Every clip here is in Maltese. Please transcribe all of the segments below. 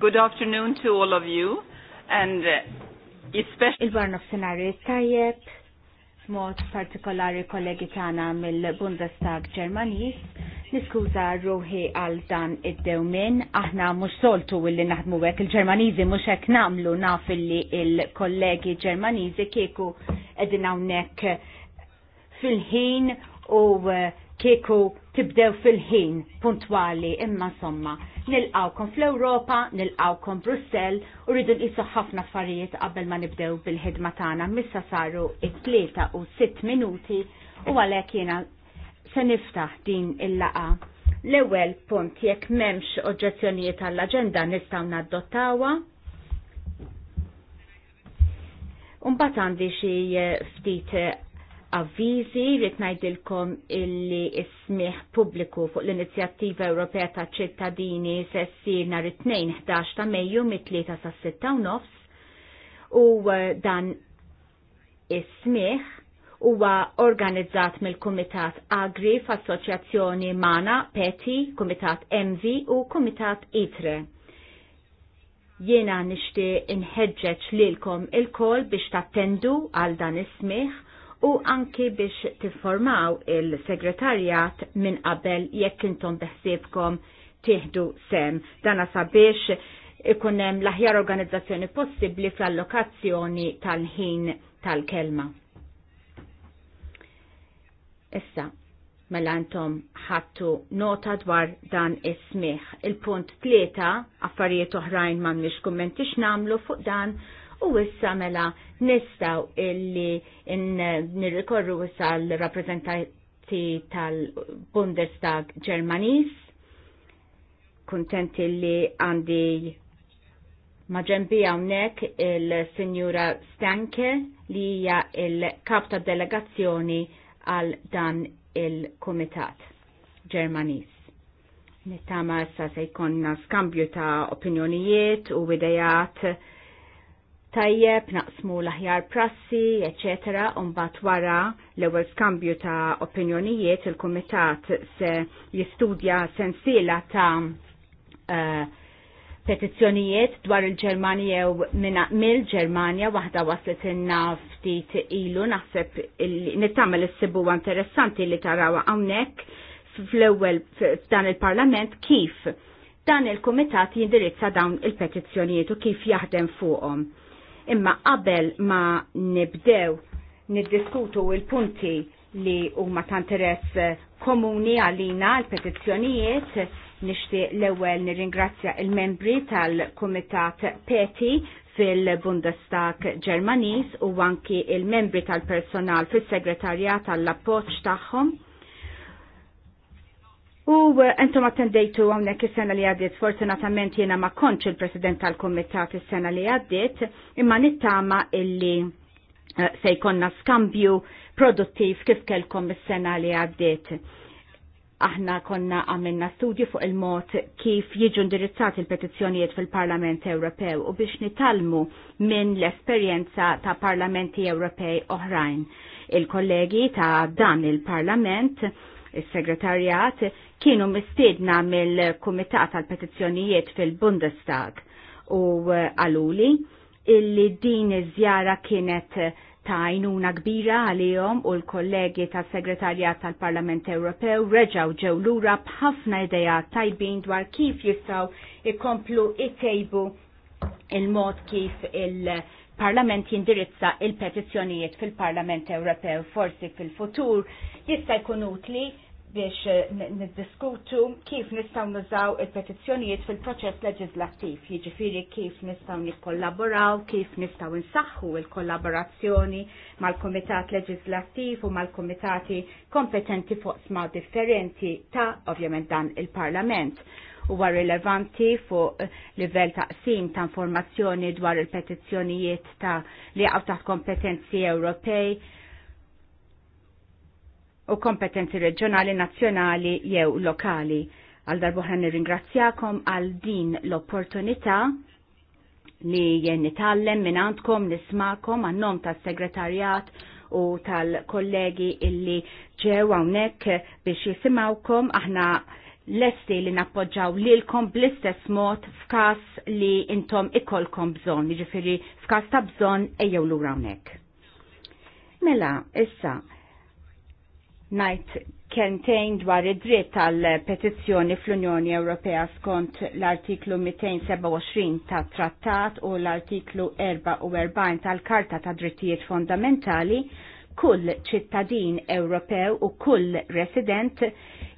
Good afternoon to all of you and uh, especially Il-barna f'senarju tajjeb mod partikolari kollegi tagħna mill-Bundestag Ġermaniż. Niskuża ruħi għal dan id-dewmin, aħna mhux soltu illi naħdmu hekk il-Ġermaniżi mhux hekk nagħmlu naf illi il-kollegi Ġermaniżi kieku qegħdin hawnhekk fil-ħin u uh, kieku tibdew fil-ħin puntwali imma somma. Nilqawkom fl-Europa, nilqawkom Brussel u rridu nqisu ħafna affarijiet qabel ma nibdew bil-ħidma tagħna missa saru it-tlieta u sitt minuti u għalhekk jiena se niftaħ din il-laqa. L-ewwel punt jekk m'hemmx oġġezzjonijiet għall-aġenda nistgħu naddottawha. bat għandi xi ftit avvizi li tnajdilkom illi ismiħ publiku fuq l-Inizjattiva Ewropea ta' ċittadini se ssir nhar it-tnejn 11 ta' Mejju mit-3 sa' 6 u nofs u eh, dan ismiħ huwa organizzat mill-Kumitat Agri f'Assoċjazzjoni Mana, Peti, Kumitat MV u Kumitat Itre jiena nixtieq inħeġġeġ lilkom il-kol biex tattendu għal dan ismiħ u anki biex tifformaw il-segretarjat minn qabel jekk intom beħsiebkom tieħdu sem. Dana sabiex ikunem l-aħjar organizzazzjoni possibli fl-allokazzjoni tal-ħin tal-kelma. Issa, mela intom ħattu nota dwar dan is Il-punt tlieta affarijiet oħrajn ma mhix kummenti namlu fuq dan u issa mela nistaw illi nirrikorru issa l-rappresentanti tal-Bundestag Ġermanis. Kontenti li għandi maġembi għawnek il-Sinjura Stanke li hija il-kap ta' delegazzjoni għal dan il-Komitat Ġermanis. Nittama sa se skambju ta' opinjonijiet u idejat tajjeb, naqsmu l-aħjar prassi, etc. Umbat wara l-ewel skambju ta' opinjonijiet il-Komitat se jistudja sensiela ta' uh, petizzjonijiet dwar il ġermanija u mill-Ġermanja waħda waslet inna ftit ilu naħseb nittamel is-sibu interessanti li tarawa hawnhekk fl-ewwel f'dan il-Parlament kif dan il-Kumitat jindirizza dawn il-petizzjonijiet u kif jaħdem fuqhom Imma qabel ma nibdew niddiskutu il-punti li huma ta' interess eh, komuni għalina l-petizzjonijiet, nixtieq l-ewwel nirringrazzja il-membri tal-Kumitat Peti fil-Bundestag Ġermaniż u anki il-membri tal-personal fis-segretarjat tal-appoġġ tagħhom U eh, entom attendejtu għawnek is-sena li għaddiet, fortunatament jena ma konċ il-president tal-komitat is-sena li għaddiet, imma nittama illi eh, se jkonna skambju produttiv kif kelkom is-sena li għaddiet. Aħna konna għamilna studju fuq il-mod kif jiġu indirizzat il-petizzjonijiet fil-Parlament Ewropew u biex nitalmu minn l-esperjenza ta' parlamenti Ewropej oħrajn. Il-kollegi ta' dan il-Parlament il-segretarjat kienu mistiedna mill-Kumitat tal-Petizzjonijiet fil-Bundestag u eh, għaluli illi din iż-żjara kienet ta' għajnuna kbira għalihom u l-kollegi tas segretarjat tal-Parlament Ewropew reġaw ġew lura b'ħafna ideja tajbin dwar kif jistgħu ikomplu itejbu il-mod kif il-Parlament jindirizza il-petizzjonijiet fil-Parlament Ewropew forsi fil-futur jista' jkun utli biex eh, niddiskutu kif nistaw nużaw il-petizzjonijiet fil-proċess leġislattiv, jiġifieri kif nistaw nikkollaboraw, kif nistaw insaħħu il-kollaborazzjoni mal-Komitat Leġislattiv u mal-Komitati kompetenti fuq sma differenti ta' ovvjament dan il-Parlament huwa rilevanti fuq eh, livell taqsim ta' informazzjoni dwar il-petizzjonijiet ta' li għaw taħt kompetenzi Ewropej u kompetenzi reġjonali, nazzjonali jew lokali. Għal darbohra nirringrazzjakom għal din l-opportunità li nitallem minn għandkom, nismakom għannom tal-segretarjat u tal-kollegi illi ġew hawnhekk biex jisimawkom aħna l-esti li nappoġġaw lilkom bl-istess mod f'każ li intom ikolkom bżonn, jiġifieri f'każ ta' bżonn ejjew lura hawnhekk. Mela, issa, najt kentejn dwar id-dritt tal-petizzjoni fl-Unjoni Ewropea skont l-artiklu 227 ta' trattat u l-artiklu 44 tal-Karta ta' Drittijiet Fondamentali, kull ċittadin Ewropew u kull resident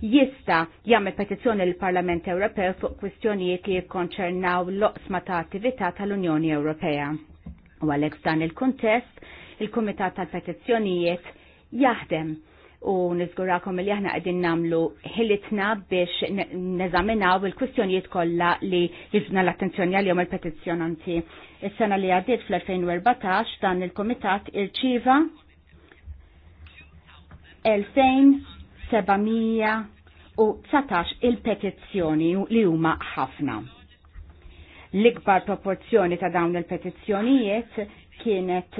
jista jagħmel petizzjoni l-Parlament Ewropew fuq kwistjonijiet li jikkonċernaw l-oqsma ta' attività tal-Unjoni Ewropea. U għalhekk dan il-kuntest, il-Kumitat tal-Petizzjonijiet jaħdem u nizgurakom li aħna għedin namlu ħilitna biex neżaminaw il-kwistjonijiet kollha li jizna l-attenzjoni għal-jom il-petizjonanti. Is-sena li għaddiet fl-2014 dan il-komitat irċiva 2719 il-petizzjoni li huma ħafna. L-ikbar proporzjoni ta' dawn il-petizzjonijiet kienet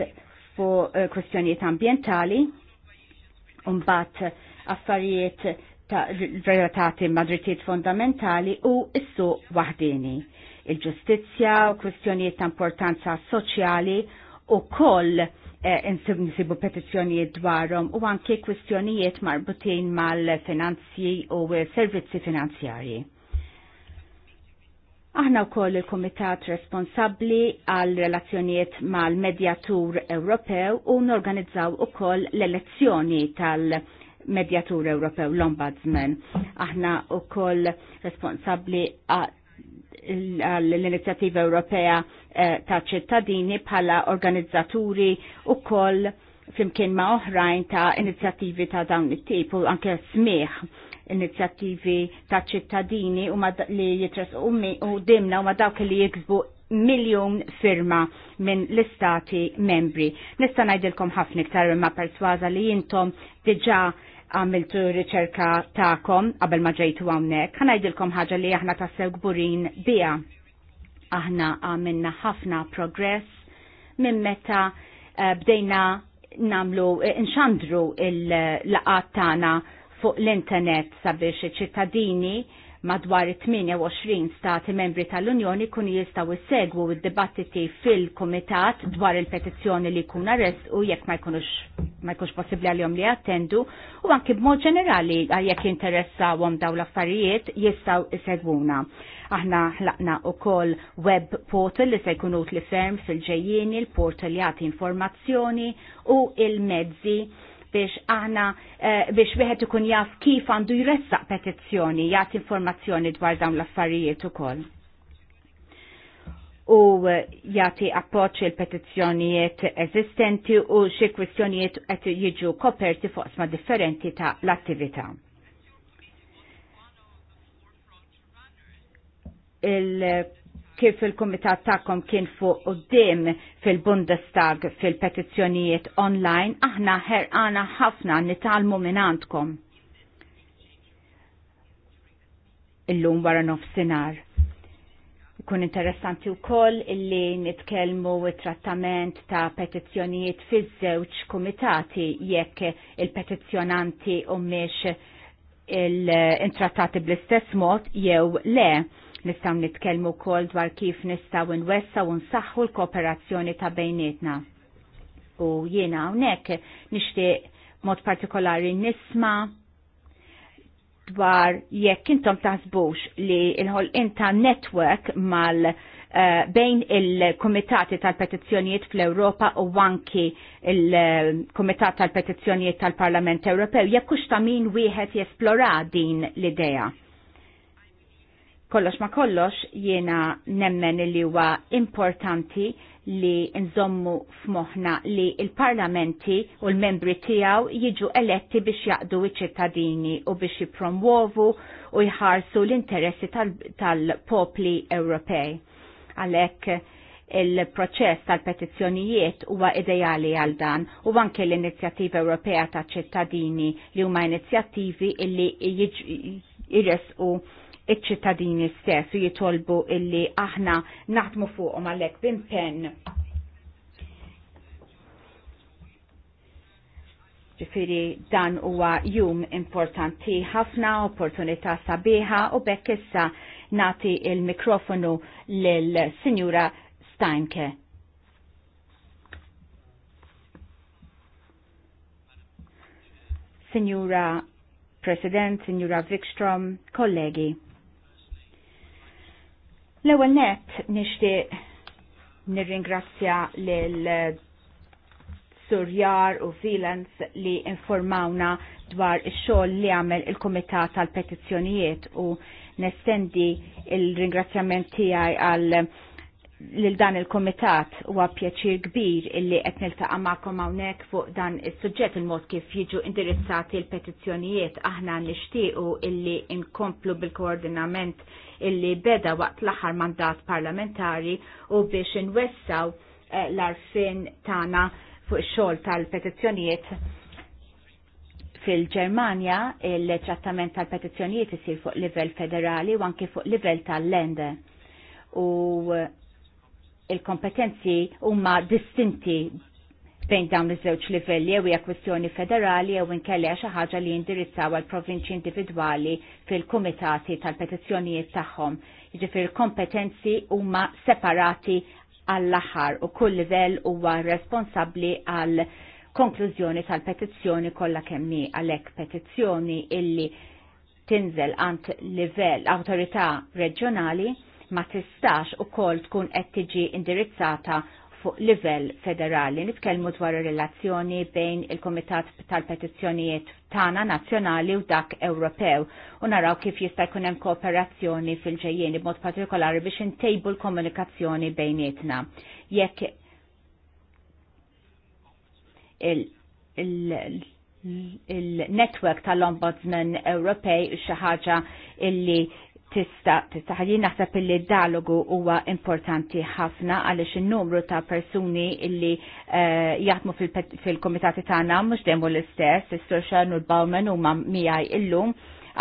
fu eh, kwistjonijiet ambientali, Umbat affarijiet ta' relatati ma' drittijiet fondamentali u issu wahdini. Il-ġustizja u kwistjonijiet ta' importanza soċjali u koll eh, nsibu petizjonijiet dwarhom u anke kwistjonijiet marbutin mal-finanzji u servizzi finanzjarji. Aħna wkoll il-Kumitat responsabbli għal relazzjonijiet mal-Medjatur Ewropew u norganizzaw ukoll l-elezzjoni tal-Medjatur Ewropew l-Ombudsman. Aħna wkoll responsabbli l-Inizjattiva Ewropea eh, ta' ċittadini bħala organizzaturi u koll flimkien ma' oħrajn ta' inizjattivi ta' dawn it-tip u anke smieħ inizjattivi ta' ċittadini u li jitres u dimna u ma dawk li jiksbu miljon firma minn l-istati membri. Nista' ngħidilkom ħafna iktar imma persważa li jintom diġà għamiltu riċerka ta'kom qabel ma ġejtu hawnhekk. ngħidilkom ħaġa li aħna tassew gburin biha. Aħna għamilna ħafna progress minn meta eh, bdejna namlu inxandru eh, il-laqat tagħna fuq l-internet sabiex iċ-ċittadini madwar 28 stati membri tal-Unjoni kun jistaw segwu id-dibattiti fil-Komitat dwar il-petizzjoni li kun arrest u jekk ma jkunx possibbli għalihom li attendu u anki b'mod ġenerali jekk interessawhom daw l-affarijiet jistaw isegwuna. Aħna ħlaqna koll web portal li se jkunut li ferm fil ġejjini il-portal jagħti informazzjoni u il-mezzi biex aħna eh, biex wieħed ikun jaf kif għandu jressaq petizzjoni, jagħti informazzjoni dwar dawn l-affarijiet ukoll. U eh, jagħti appoġġ il-petizzjonijiet eżistenti u xi kwistjonijiet qed jiġu koperti foqsma differenti ta' l-attività. il kif il-komitat tagħkom kien fuq dim fil-Bundestag fil-petizzjonijiet online, aħna ħerqana ħafna nitalmu minn għandkom. Illum wara nofsinhar. Ikun interessanti wkoll illi nitkellmu it-trattament ta' petizzjonijiet fiż-żewġ kumitati jekk il-petizzjonanti u il-intrattati bl-istess mod jew le Nistaw nitkellmu kol dwar kif nistaw nwessa u nsaħħu l-kooperazzjoni ta' bejnietna. U jiena hawnhekk nixtieq mod partikolari nisma' dwar jekk intom taħsbux li l ħol inta network mal- Uh, bejn il-Komitati tal-Petizzjonijiet fl-Europa u anki il-Komitat tal-Petizzjonijiet tal-Parlament Ewropew jekkux ta' min wieħed jesplora din l-idea. Kollox ma kollox jiena nemmen li huwa importanti li nżommu f'moħna li il-parlamenti u l-membri tijaw jiġu eletti biex jaqdu iċ-ċittadini u biex jipromuovu u jħarsu l-interessi tal-popli tal Ewropej. Għalek il-proċess tal-petizzjonijiet huwa ideali għal dan u anke l-inizjattiva Ewropea ta' ċittadini li huma inizjattivi illi jiġu u iċ-ċittadini stess u jitolbu illi aħna naħdmu fuqhom għalhekk bimpen. Ġifiri dan huwa jum importanti ħafna, opportunità sabiħa u bekk issa nati il-mikrofonu l sinjura Steinke. Signora President, Signora Wikström, kollegi. L-ewwel net nixtieq nirringrazzja lil Surjar u Filans li informawna dwar ix-xogħol li għamel il-Kumitat tal-Petizzjonijiet u nestendi il-ringrazzjament tiegħi għal lil dan il-komitat huwa pjaċir kbir illi qed niltaqa' magħkom hawnhekk fuq dan is-suġġett il il-mod kif jiġu indirizzati l-petizzjonijiet aħna nixtiequ illi inkomplu bil-koordinament illi beda waqt l-aħħar mandat parlamentari u biex inwessaw eh, l-arfin tana fuq xol tal-petizzjonijiet fil-Ġermanja il-trattament tal-petizzjonijiet isir fuq livell federali u anke fuq livell tal-lende. U eh, il-kompetenzi huma distinti bejn dawn iż-żewġ livelli jew hija kwistjoni federali jew inkella xi ħaġa li jindirizzaw għal provinċi individwali fil-kumitati tal-petizzjonijiet tagħhom. Jiġifier kompetenzi huma separati għall-aħħar u kull livell huwa responsabbli għal konklużjoni tal-petizzjoni kollha kemm hi għalhekk petizzjoni illi tinżel għand livell awtorità reġjonali ma tistax u tkun qed tiġi indirizzata fuq livell federali. Nitkellmu dwar relazzjoni bejn il-Komitat tal-Petizzjonijiet tana nazzjonali u dak Ewropew u naraw kif jista' jkun hemm kooperazzjoni fil ġejjieni b'mod partikolari biex intejbu l-komunikazzjoni bejnietna. Jekk il-network il il tal-Ombudsman Ewropej xi ħaġa illi tista tista ħajjin naħseb illi dialogu huwa importanti ħafna għaliex in-numru ta' persuni illi uh, jaħdmu fil-komitati fil tagħna mhux dejjem l-istess, is-Sur u l-Bawmen huma miegħi illum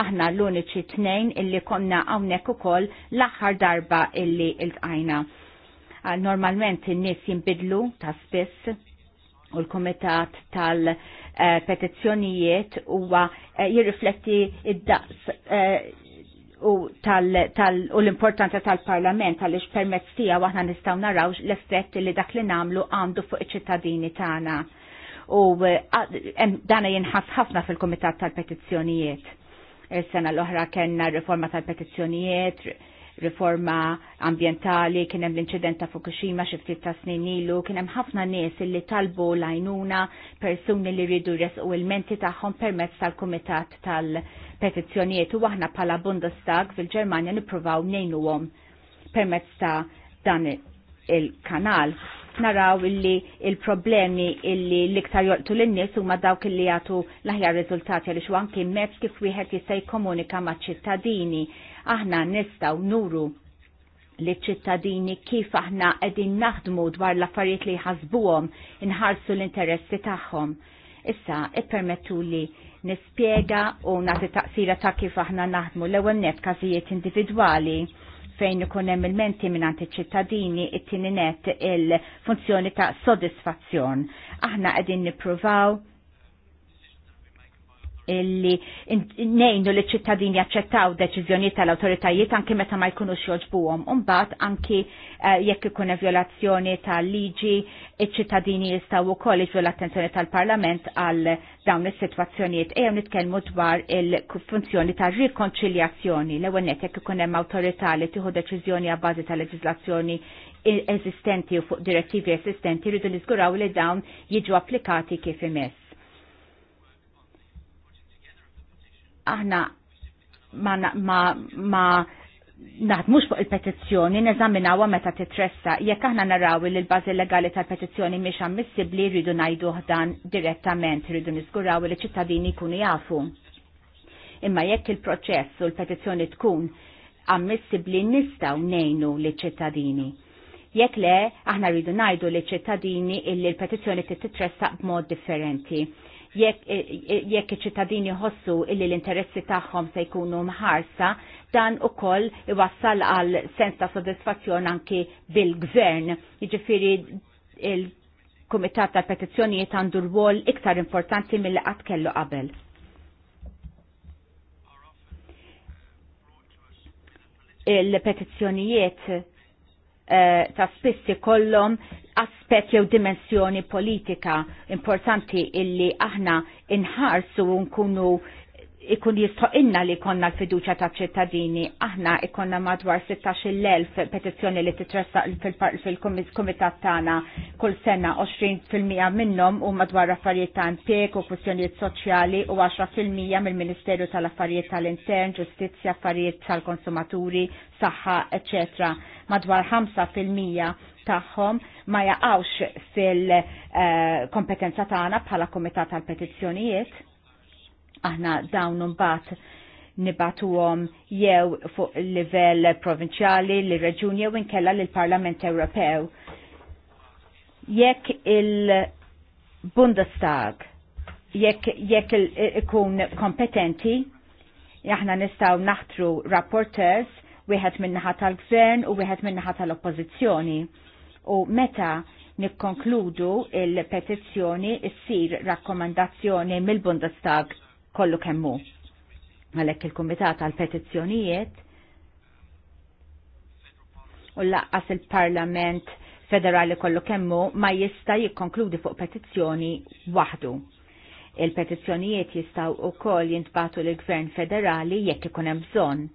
aħna l-uniċi tnejn illi konna hawnhekk ukoll l-aħħar darba illi ltqajna. Ah, normalment in-nies jinbidlu ta' spiss u l-Komitat tal-Petizzjonijiet eh, huwa eh, jirrifletti id-daqs u l-importanza tal-parlament għaliex permezz tiegħu aħna nistgħu narawx l-effett li dak li nagħmlu għandu fuq iċ-ċittadini tagħna. U eh, dana jinħass ħafna fil-Kumitat tal-Petizzjonijiet. Il-sena l-oħra kellna riforma tal-petizzjonijiet, riforma ambientali, kien hemm l-inċident ta' Fukushima xi ftit ta' snin ilu, kien hemm ħafna nies li talbu lajnuna persuni li rridu jresqu il-menti tagħhom permezz tal-Kumitat tal-Petizzjonijiet u aħna bħala Bundestag fil-Ġermanja nippruvaw ngħinuhom permezz ta' dan il-kanal naraw illi il-problemi illi l-iktar jolqtu l innis u dawk illi jgħatu laħja rizultati għal xwan kien mezz kif wieħed jista' jikkomunika ma' ċittadini aħna nistaw nuru li ċittadini kif aħna qegħdin naħdmu dwar l-affarijiet li jħasbuhom inħarsu l-interessi tagħhom. Issa ippermettu li nispjega u nagħti taqsira ta' kif aħna naħdmu l-ewwel net każijiet individwali fejn ikun hemm il-menti minn iċ-ċittadini it-tieni net il-funzjoni ta' sodisfazzjon. Aħna qegħdin nippruvaw illi nejnu li ċittadini jaċċettaw deċiżjoni tal-autoritajiet anki meta ma jkunux joġbuhom. Umbat anki eh, jekk ikun violazzjoni tal-liġi, iċ-ċittadini jistgħu wkoll iġu l-attenzjoni tal-Parlament għal dawn is-sitwazzjonijiet. Ejjew nitkellmu dwar il-funzjoni ta' rikonċiljazzjoni l ewwel jekk ikun hemm awtorità li tieħu deċiżjoni għabbażi tal-leġiżlazzjoni eżistenti u fuq direttivi eżistenti rridu niżguraw li dawn jiġu applikati kif imess aħna ma, ma, ma naħdmux fuq il-petizzjoni, neżaminawa meta titressa, jekk aħna naraw li l-bażi legali tal-petizzjoni mhix ammissibbli rridu ngħidu dan direttament, rridu nisguraw li ċittadini jkunu jafu. Imma jekk il-proċess u l-petizzjoni tkun ammissibbli nistgħu ngħinu li ċittadini. Jekk le, aħna rridu ngħidu liċ ċittadini illi l-petizzjoni titressa b'mod differenti Eh, eh, jekk iċ-ċittadini ħossu illi l-interessi tagħhom se jkunu mħarsa, dan ukoll iwassal għal sens ta' soddisfazzjon anki bil-gvern. Jiġifieri il-Kumitat tal-Petizzjonijiet għandu rwol iktar importanti mill-li qatt kellu qabel. il-petizzjonijiet eh, ta' spissi kollom aspet jew dimensjoni politika importanti illi aħna inħarsu nkunu ikun jistoqinna li konna l-fiduċa ta' ċittadini. Aħna ikonna madwar 16.000 petizjoni li titressa fil-komitat tana kull sena 20% minnom u madwar affarijiet ta' impiek u kwestjonijiet soċjali u 10% mill-Ministerju tal-Affarijiet tal-Intern, Ġustizzja, Affarijiet tal-Konsumaturi, Saħħa, eccetera madwar 5% tagħhom ma jaqgħux fil-kompetenza tagħna bħala Kumitat tal-Petizzjonijiet. Aħna dawn imbagħad nibatuhom jew fuq livell provinċjali, li reġjun jew inkella lill parlament Ewropew. Jekk il-Bundestag jekk jekk ikun kompetenti, aħna nistgħu naħtru rapporters wieħed min-naħa tal-gvern u wieħed min-naħa tal-oppożizzjoni u meta nikkonkludu il-petizzjoni issir rakkomandazzjoni mill-Bundestag kollu kemmu. Għalhekk il komitat għal-Petizzjonijiet u laqqas il-Parlament federali kollu kemmu ma jista' jikkonkludi fuq petizzjoni waħdu. Il-petizzjonijiet jistaw u koll jintbatu l-Gvern federali jekk ikun hemm bżonn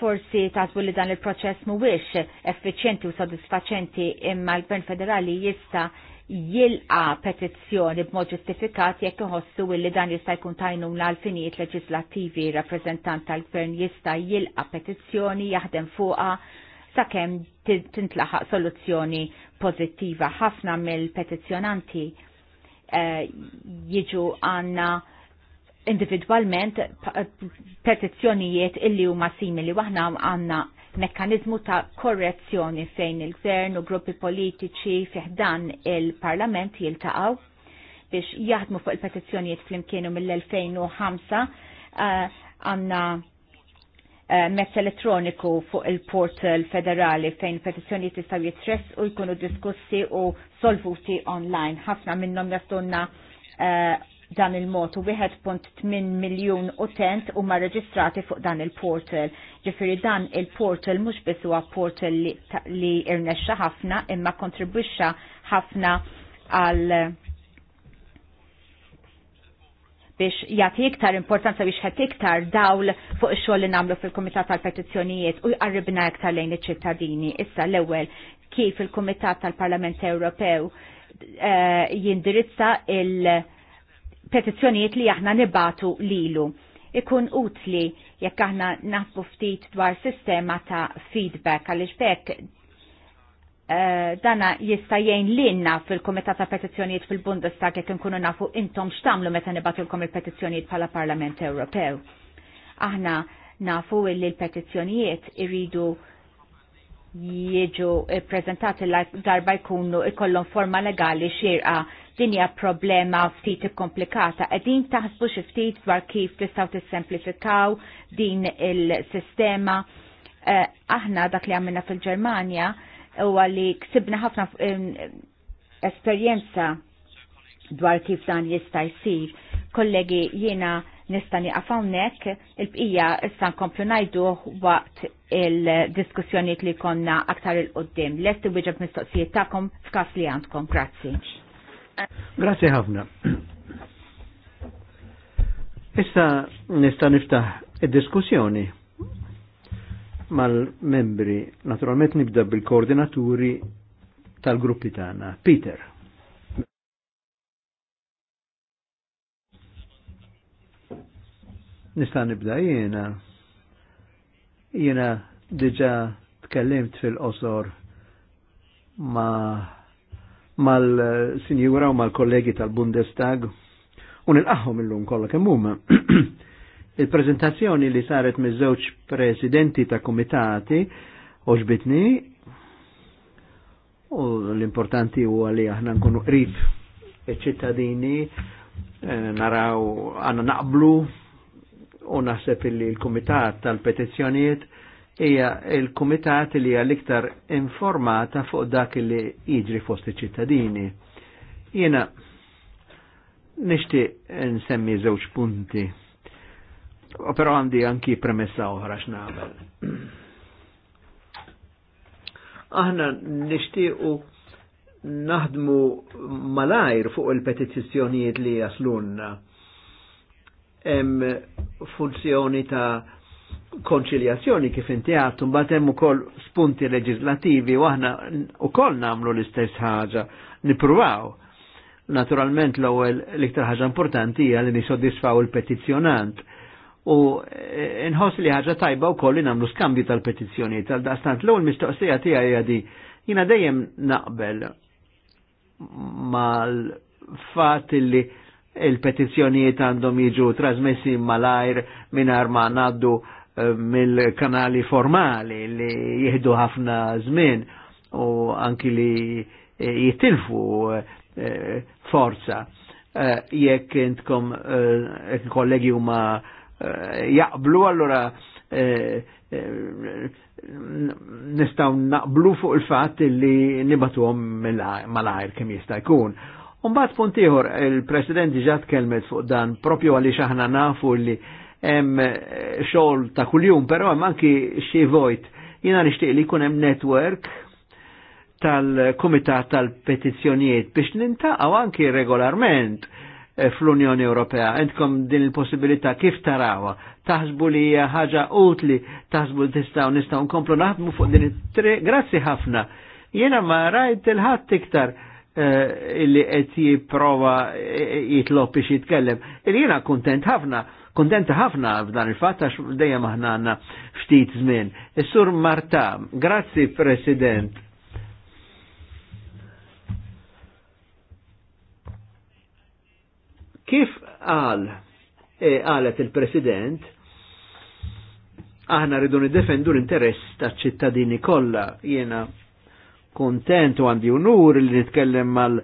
forsi tasbu li dan il-proċess mhuwiex effiċjenti u sodisfaċenti imma l-Gvern Federali jista' jilqa petizzjoni b'mod ġustifikat jekk iħossu li dan jista' jkun tajnu l-alfinijiet leġislattivi rappreżentant tal-Gvern jista' jilqa petizzjoni jaħdem fuqha sakemm tintlaħaq soluzzjoni pożittiva ħafna mill-petizzjonanti eh, jiġu għandna individualment petizzjonijiet illi huma simili waħna għanna mekkanizmu ta' korrezzjoni fejn il-gvern u gruppi politiċi fiħdan il-parlament jiltaqaw biex jaħdmu fuq il-petizzjonijiet flimkienu mill-2005 eh, għanna eh, mezz elettroniku fuq il-portal federali fejn petizzjonijiet jistaw jitress u jkunu diskussi u solvuti online. ħafna minnhom jastunna eh, dan il-mod u 1.8 miljun utent u ma reġistrati fuq dan il-portal. Ġifiri dan il-portal mux biss huwa portal li, li irnexxa ħafna imma kontribwixxa ħafna għal biex jagħti iktar importanza biex ħed iktar dawl fuq ix-xogħol li nagħmlu fil-Kumitat tal-Petizzjonijiet u jqarribna iktar lejn iċ-ċittadini. Issa l-ewwel kif il-Kumitat tal-Parlament Ewropew eh, jindirizza il- petizzjonijiet li aħna nibatu lilu. Ikun utli jekk aħna naħbu ftit dwar sistema ta' feedback għaliex bekk uh, dana jista' jgħin fil-Kumitat ta' Petizzjonijiet fil-Bundestag jekk nkunu nafu intom x'tamlu meta nibatulkom il-petizzjonijiet bħala Parlament Ewropew. Aħna nafu illi l-petizzjonijiet irridu jieġu eh, prezentati darba jkunu ikollon forma legali xirqa dinja problema ftit komplikata. Edin taħsbu xiftit dwar kif tistaw tissemplifikaw din il-sistema. Eh, aħna dak li għamilna fil-Germania u li ksibna ħafna esperienza dwar kif dan jista' jsir. Kollegi jiena nista' nieqaf hawnhekk il-bqija issa nkomplu ngħiduh waqt il-diskussjoni li konna aktar il-qoddim. Lest iwieġeb mistoqsijiet tagħkom f'każ li għandkom. Grazzi. Grazzi ħafna. Issa nista' niftaħ id-diskussjoni mal-membri, naturalment nibda bil-koordinaturi tal-gruppi tagħna. Peter. Nista' nibda jiena. Jiena diġa' tkellimt fil-qosor ma mal-sinjura u mal-kollegi tal-Bundestag u nilqaħħom illum lum kemm huma. Il-prezentazzjoni li saret miż-żewġ presidenti ta' komitati oġbitni u l-importanti huwa li aħna nkunu qrib iċ-ċittadini eh, naraw għanna naqblu u naħseb illi l-Kumitat tal-Petizzjonijiet hija l-Kumitat li hija l-iktar informata fuq dak li jiġri fost iċ-ċittadini. Jiena nixtieq nsemmi żewġ punti. O però għandi anki premessa oħra x'nagħmel. Aħna nixtiequ naħdmu malajr fuq il-petizzjonijiet li jaslunna hemm funzjoni ta' konċiljazzjoni kif inti għattu, mbagħad hemm ukoll spunti leġislativi u aħna ukoll nagħmlu l-istess ħaġa, nippruvaw. Naturalment l-ewwel l-iktar ħaġa importanti hija li nisodisfaw il-petizzjonant u e, nħoss li ħaġa tajba wkoll li nagħmlu skambju tal-petizzjonijiet tal dastant l-ewwel mistoqsija tiegħi hija di jiena dejjem naqbel mal-fat li il-petizzjonijiet għandhom jiġu trasmessi mal-ajr minn arma naddu eh, mill-kanali formali li jihdu ħafna żmien u anki li eh, jitilfu eh, forza. Jekk intkom kollegi huma jaqblu allora nistaw naqblu fuq il-fat li nibatuhom mal-ajr kemm jista' jkun Umbat punt ieħor, il-President diġà tkellmet fuq dan propju għaliex aħna nafu li hemm eh, xogħol ta' kuljum, però hemm anki xi vojt. Jiena nixtieq li jkun hemm network tal-Kumitat tal-Petizzjonijiet biex nintaqgħu anki regolarment eh, fl-Unjoni Ewropea. Entkom din il-possibilità kif tarawa? Taħsbu li hija ħaġa utli, taħsbu li tistgħu nistgħu nkomplu naħdmu fuq din it-triq. Grazzi ħafna. Jiena ma rajt il-ħadd iktar Eh, illi qed jipprova eh, eh, jitlob biex jitkellem. Jiena kuntent ħafna, kuntenta ħafna f'dan il-fatt għax dejjem aħna għandna ftit żmien. Is-Sur Marta, grazzi President. Kif qal qalet il-President, aħna rridu niddefendu l-interess taċ-ċittadini kollha jiena kontent u għandi unur li nitkellem mal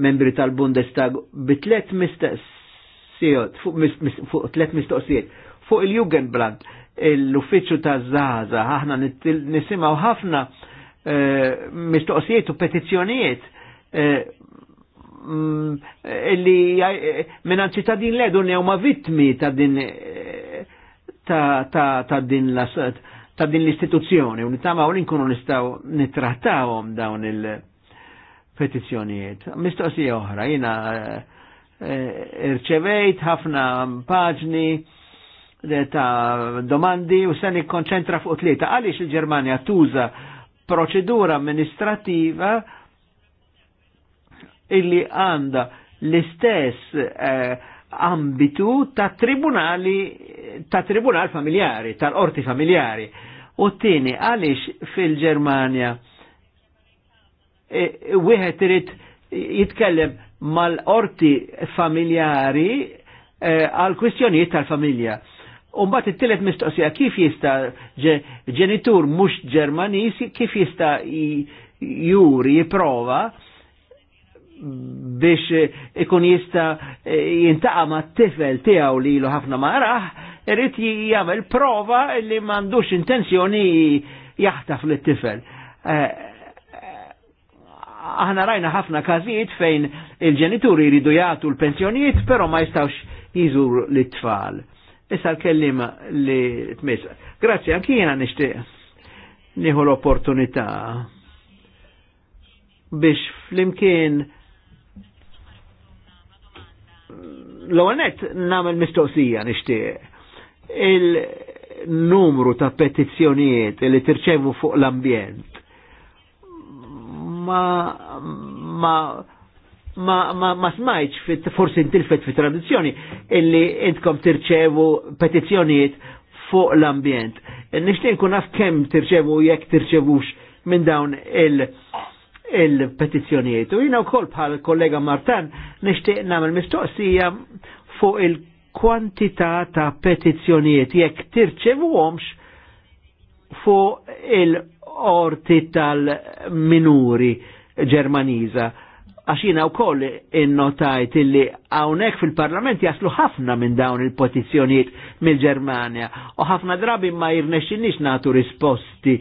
membri tal-Bundestag bi tlet mistoqsijiet, fuq tlet mistoqsijiet, fuq il jugendbrand l-uffiċċju ta' Zaza, aħna nisimaw ħafna eh, mistoqsijiet u petizzjonijiet eh, mm, eh, illi minn ċittadin ledu new ma vittmi ta' din ta' din l-assat ta' din l-istituzzjoni, u nittamaw li nkunu nistaw nittrattawhom dawn il-petizzjonijiet. Mistoqsi oħra, jina eh, eh, irċevejt ħafna paġni ta' domandi u se ikkonċentra fuq tlieta. Għaliex il-Ġermanja tuża proċedura amministrativa illi għanda l-istess eh, ambitu ta' tribunali ta' tribunal familjari, tal-orti familjari. U t-tini, għalix fil-Germania e, wieħed irid jitkellem mal-orti familjari e, għal kwistjonijiet tal-familja. Umbat it-tielet mistoqsija kif jista' ġenitur mhux Ġermaniż kif jista' juri jipprova biex ikun jista eh, jintaqa ma t-tifel tijaw li ilu ħafna maraħ, rrit jgħamil prova li mandux intenzjoni jaħtaf li t-tifel. Eh, eh, aħna rajna ħafna kazijiet fejn il-ġenituri jridu jgħatu l-pensjonijiet, pero ma jistawx jizur li t-tfal. Issa l kellim li t-mis. Grazie, anki jena nishti nieħu l-opportunità biex flimkien L-għonet namel mistoqsija nishtiq. Il-numru ta' petizzjonijiet li tirċevu fuq l-ambjent ma ma ma ma, ma smajċ fit forsi intilfet fit tradizzjoni illi intkom tirċevu petizzjonijiet fuq l-ambjent. Nishtiq nkun naf kemm tirċevu jekk tirċevux minn dawn il- il-petizjonijiet. U jina u kol bħal kollega Martan nishtiq namel mistoqsija fuq il-kwantità ta' petizjonijiet jekk għomx fuq il-orti tal-minuri ġermaniza. Għaxina u koll innotajt illi għawnek fil-parlament jaslu ħafna minn dawn il-petizjonijiet mill-Ġermania u ħafna drabi ma jirnexxinix natu risposti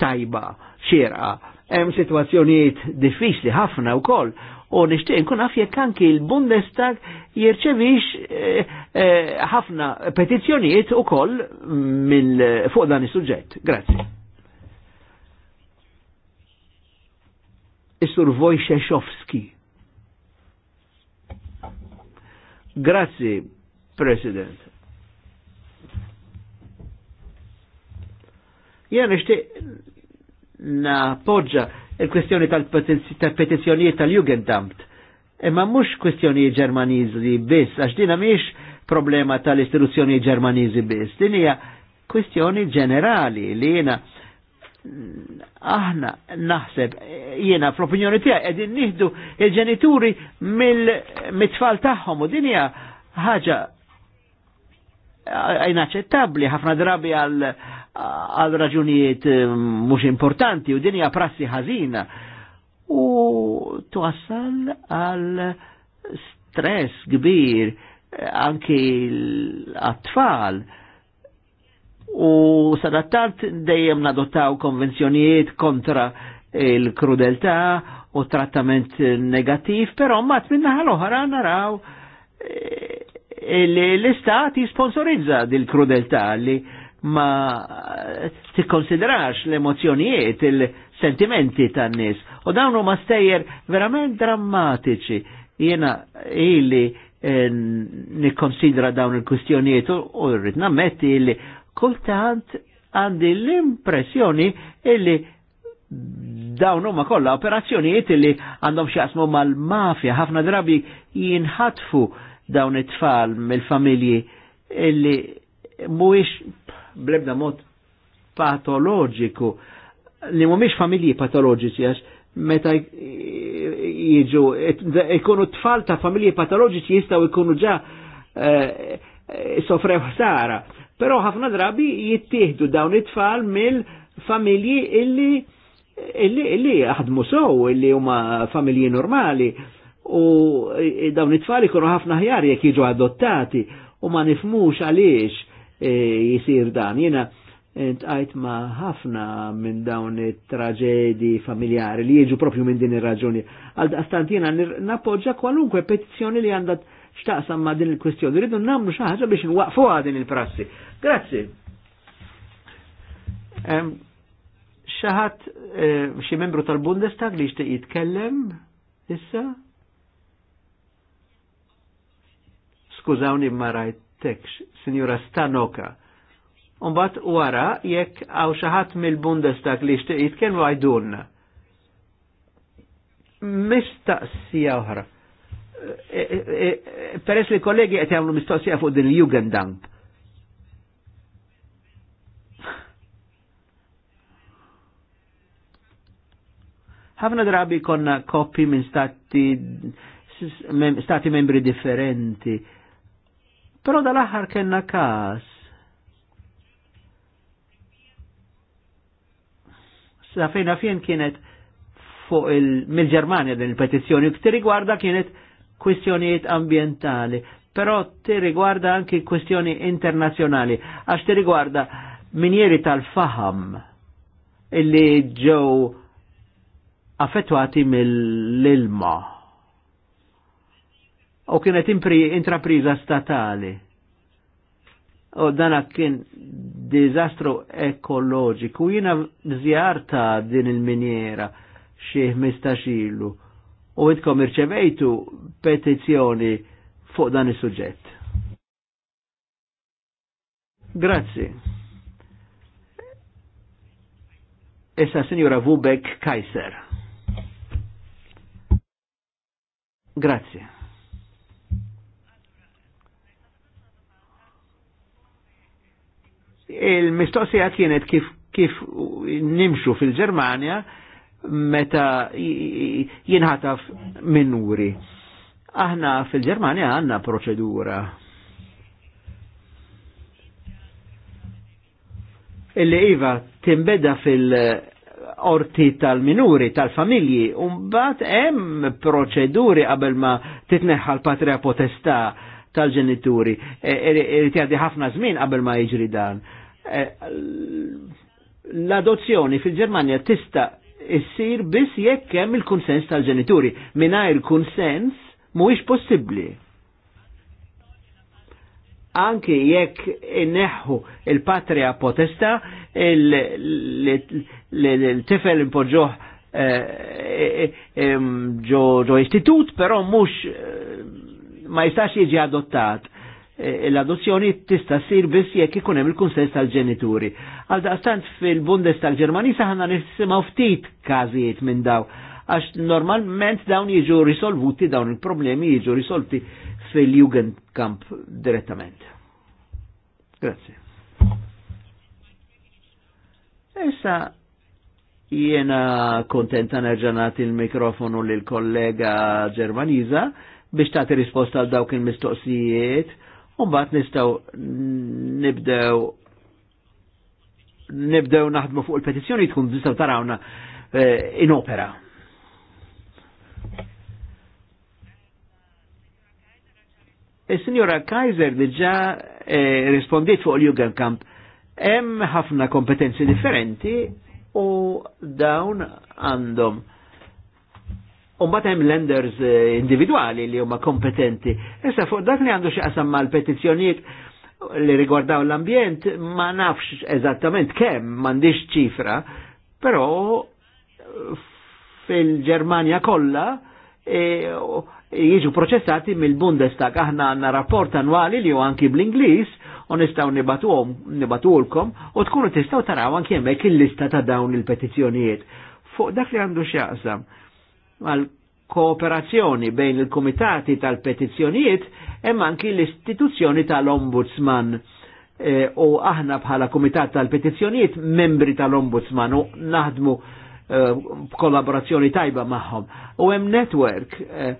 tajba xirqa hemm situazzjonijiet diffiċli ħafna wkoll u nixtieq nkun naf jekk anki l-Bundestag jirċevix eh, eh, ħafna petizzjonijiet ukoll mill fuq dan is-suġġett. Grazzi. Is-Sur Wojciechowski. Grazzi, President. Jena nixtieq napoġġa il-kwestjoni tal-petizjonijiet tal-Jugendamt. Imma mhux kwestjoni Ġermaniżi biss, għax dina mhix problema tal-istituzzjoni Ġermaniżi biss, din hija kwestjoni ġenerali li jiena aħna naħseb jiena fl-opinjoni tiegħi qegħdin nieħdu il-ġenituri mill-mitfall tagħhom u din hija ħaġa inaċċettabbli ħafna drabi għal għal raġunijiet eh, mhux importanti u dinja prassi ħażina u twassal għal stress kbir eh, anki l-attfal u sadattant dejjem nadottaw konvenzjonijiet kontra il-krudeltà u trattament negativ, però mat minna l-oħra naraw eh, l-istat jisponsorizza dil-krudeltà li ma tikkonsiderax l-emozjonijiet, il-sentimenti tan-nies. U dawn huma stejjer verament drammatiċi. Jiena illi eh, nikkonsidra dawn il kustjonijiet u rrid nammetti illi kultant għandi l-impressjoni illi dawn huma kollha operazzjonijiet illi għandhom x'jaqsmu mal-mafja ħafna drabi jinħatfu dawn it-tfal mill-familji illi mhuwiex blebda mod patoloġiku li mhumiex familji patoloġiċi għax meta jiġu ikunu tfal ta' familji patoloġiċi jistgħu jkunu ġa eh, eh, sofrew ħsara. Però ħafna drabi jittieħdu dawn it-tfal mill-familji illi illi illi ħadmu sow, illi huma familji normali u dawn it-tfal ikunu ħafna ħjar jekk jiġu adottati u ma nifmux għaliex E, jisir dan. Jena għajt e, ma ħafna minn dawn it-traġedi familjari li jiġu propju minn din ir-raġuni. Għal daqstant jena nappoġġa kwalunkwe petizzjoni li għandha xtaqsam ma din il-kwestjoni. Rridu namlu xi ħaġa biex nwaqfu din il-prassi. Grazzi. Xaħat e, xi membru tal-Bundestag li jixtieq jitkellem issa? Skużawni ma rajt tekx, Signora Stanoka. Umbat wara jekk għaw xaħat mill-Bundestag li xtiq kien għajdunna. Mistaqsija oħra. E, e, e, Peress li kollegi għet jagħmlu mistoqsija fuq din il jugendamp ħafna drabi konna koppi minn stati, stati membri differenti Pero dal-aħħar kena kas. fejna fien kienet fuq il-Germania din il-petizzjoni, ti rigwarda kienet kwistjonijiet ambientali, però ti rigwarda anki kwestjoni internazjonali, għax ti rigwarda minjeri tal-faham illi ġew affettwati mill-ilma u kienet intrapriza statali. U dana kien dizastru ekoloġiku. Jina zjarta din il miniera xieħ mistaxilu u idkom irċevejtu petizjoni fuq dan is-suġġett. Grazzi. Issa Signora Vubek Kaiser. Grazie. Il-mistoqsija kienet kif, kif nimxu fil-Germania meta jinħataf minnuri. Aħna fil-Germania għanna proċedura illi iva timbeda fil- orti tal-minuri, tal-familji, un-bat hemm proċeduri qabel ma titneħħa l-patria potesta tal-ġenituri. Irrid e, ħafna zmin qabel ma jiġri dan. Eh, l-adozzjoni fil-Germania tista' issir biss jekk hemm il-kunsens tal-ġenituri. Mingħajr kunsens mhuwiex possibbli. Anki jekk inneħħu il-patria potesta, il-tifel impoġġoħ eh, eh, ġo istitut, però mhux ma jistax jiġi adottat Eh, l-adozzjoni tista' sir biss jekk ikun hemm il-kunsens tal-ġenituri. Għal daqstant fil-Bundestag Ġermani ħanna nisimgħu ftit każijiet minn daw għax normalment dawn jiġu risolvuti, dawn il-problemi jiġu risolti fil-Jugendkamp direttament. Grazie. Issa jiena kontenta nerġanat il-mikrofonu lill kollega Ġermaniza biex tagħti risposta għal dawk il-mistoqsijiet Umbat nistaw nibdew nibdew naħdmu fuq il-petizjoni tkun nistaw tarawna eh, in opera. Il-Signora Kaiser diġa eh, rispondiet fuq il-Jugendkamp. Hemm ħafna kompetenzi differenti u dawn għandhom Umbat hemm lenders eh, individuali li huma kompetenti. Issa fuq dak li għandu xi qasam mal-petizzjonijiet li rigwardaw l-ambjent ma nafx eżattament kemm m'għandix ċifra, però eh, fil-Ġermanja kollha eh, jiġu proċessati mill-Bundestag. Aħna għandna rapport annwali li huwa anki bl-Ingliż u nistgħu nibatuhom nibatulkom u tkunu tistgħu taraw anki hemmhekk il-lista ta' dawn il-petizzjonijiet. Fuq dak li għandu x'jaqsam għal kooperazzjoni bejn il-komitati tal-petizzjonijiet hemm anki l-istituzzjoni tal-ombudsman e, u aħna bħala komitat tal-petizzjonijiet membri tal-ombudsman u naħdmu e, kollaborazzjoni tajba magħhom. U hemm network e,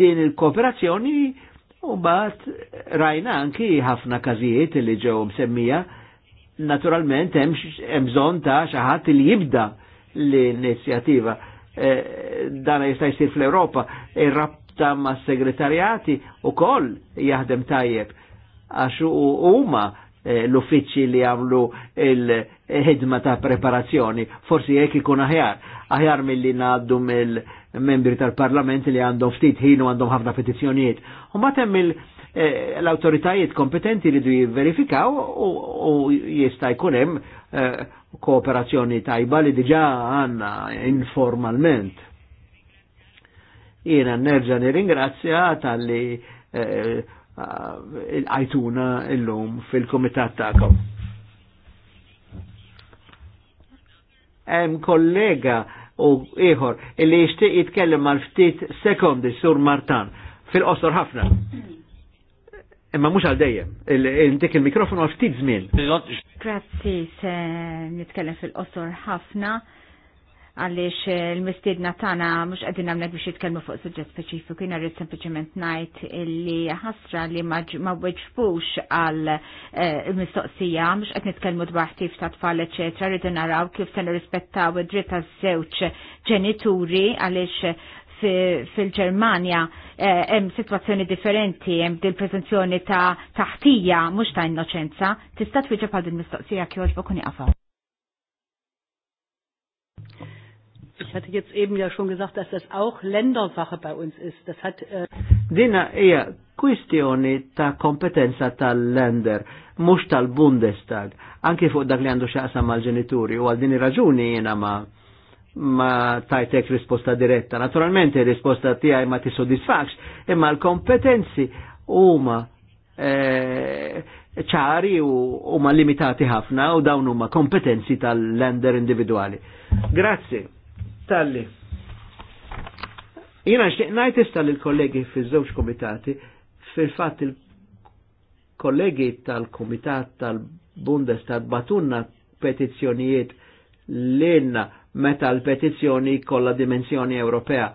din il-kooperazzjoni u mbagħad rajna anki ħafna każijiet li ġew msemmija naturalment hemm bżonn ta' xi ħadd li jibda l-inizjattiva Eh, dan jista' jsir fl-Ewropa, ir-rabta ma' segretarjati u koll jaħdem tajjeb għax huma eh, l-uffiċċji li għamlu il-ħidma ta' preparazzjoni, forsi jekk ikun aħjar, aħjar mill-li ngħaddu mill-membri tal-Parlament li għandhom ftit ħin u għandhom ħafna petizzjonijiet. U hemm eh, l-autoritajiet kompetenti li du jiverifikaw u jista' jkun hemm Eh, kooperazzjoni tajba li diġa għanna informalment. Jena nerġa nirringrazzja tal-li eh, eh, għajtuna eh, il-lum fil-komitat ta'kom. Em kollega u ieħor li jixtieq jitkellem mal ftit sekondi sur Martan fil-qosor ħafna. Imma mhux għal dejjem, dik il-mikrofonu għal ftit żmien. Grazzi se nitkellem fil-qosor ħafna għaliex il-mistiedna tagħna mhux qegħdin għamlek biex jitkellmu fuq suġġett speċifiku jiena rrid sempliċement ngħid illi ħasra li ma weġbux għal eh, mistoqsija mhux qed nitkellmu dwar ħtif ta' tfal eċetera rridu naraw kif se nirrispettaw id-dritt taż-żewġ ġenituri għaliex fil-Ġermanja eh, hemm situazzjoni differenti, hemm din preżenzjoni ta' taħtija mhux ta' innoċenza, tista' twieġeb għal din mistoqsija kjoġbok kun nieqafha. Ich hatte jetzt eben ja schon gesagt, dass das auch Ländersache bei uns ist. Das hat äh Dina hija kwistjoni ta' kompetenza tal-lender, mhux tal-Bundestag, anke fuq dak li għandu xaqsam mal-ġenituri, u għal din ir-raġuni jiena ma' ma tajtek risposta diretta. Naturalment risposta tiegħi ma tisodisfax, imma l-kompetenzi huma eh, ċari e, u huma limitati ħafna u dawn huma kompetenzi tal-lender individuali. Grazzi. Talli. Jina xtiq najtista l-kollegi fi żewġ komitati fil-fatt il-kollegi tal-komitat tal bundestat batunna petizzjonijiet l-inna meta l-petizzjoni kollha dimensjoni Ewropea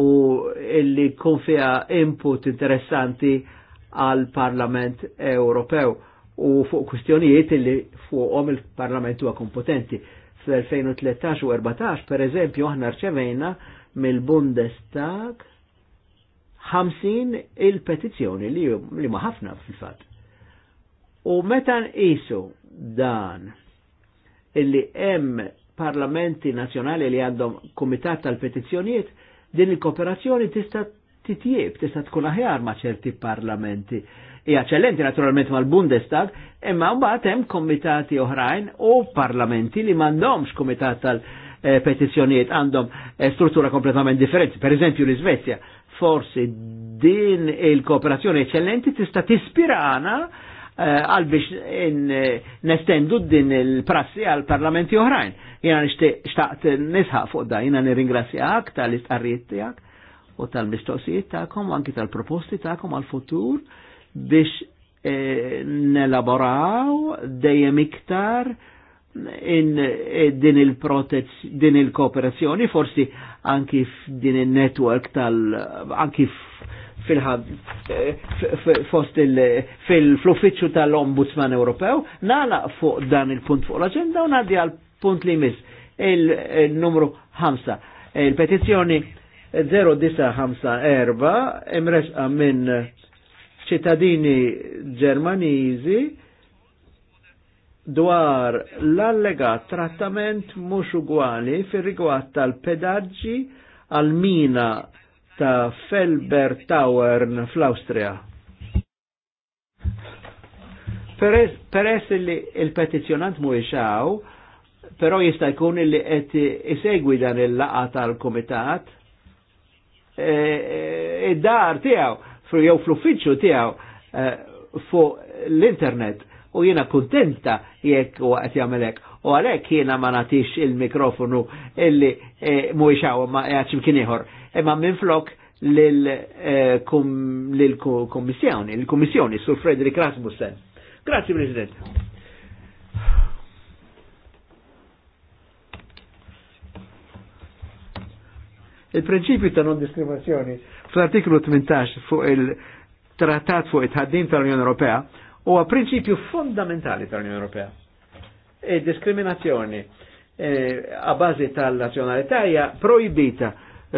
u illi kun fiha input interessanti għal Parlament Ewropew u fuq kwistjonijiet illi fuqhom il-Parlament huwa kompetenti. Fl-2013 u 14 per eżempju aħna rċevejna mill-Bundestag 50 il-petizzjoni li, li ma ħafna fil-fatt. U meta nqisu dan illi hemm parlamenti nazjonali li għandhom komitat tal-petizzjonijiet, din il-kooperazzjoni tista' titjieb, tista' tkun aħjar ma' ċerti parlamenti. Hija eccellenti naturalment mal-Bundestag, imma mbagħad hemm komitati oħrajn u parlamenti li m'għandhomx komitat tal-petizzjonijiet għandhom eh, struttura kompletament differenti, per eżempju l-Iżvezja. Forsi din il-kooperazzjoni eccellenti tista' tispirana Eh, għal biex eh, nestendu din il-prassi għal parlamenti oħrajn. Jena nishtaqt nisħaq fuq da, jena nirringrazzjak tal istarriet tijak u tal-mistoqsijiet tijakom, anki tal-proposti tijakom għal-futur biex eh, nelaboraw dejjem iktar in din il-kooperazzjoni, forsi anki f'din il-network tal- anki Eh, fost fil-uffiċċju tal-Ombudsman Ewropew, nala fuq dan il-punt fuq l-aġenda u nadi għal punt li mis il-numru eh, 5. Il-petizzjoni 0954 imresqa minn ċittadini ġermaniżi dwar l-allegat trattament mhux ugwali fir-rigward tal pedaggi għal mina ta' Felber Tower fl-Austria. Peress per li il-petizjonant mu ixaw, però jista' jkun li qed isegwi dan il-laqa tal-komitat, id-dar e, e, tiegħu jew fl-uffiċċju tiegħu e, fuq l-internet u jiena kuntenta jekk u qed jagħmel u għalek jiena ma natix il-mikrofonu illi e, mu hawn ma qiegħed x'imkien ieħor. Imma minflok l-komissjoni, e, il komissjoni Sur Frederick Rasmussen. Grazie President. Il-prinċipju ta' non diskriminazzjoni fl-artiklu 18 fuq il-trattat fuq it-ħaddim tal-Unjoni Ewropea huwa prinċipju fondamentali tal-Unjoni Ewropea. E diskriminazzjoni e, a bazi tal nazjonalità hija projbita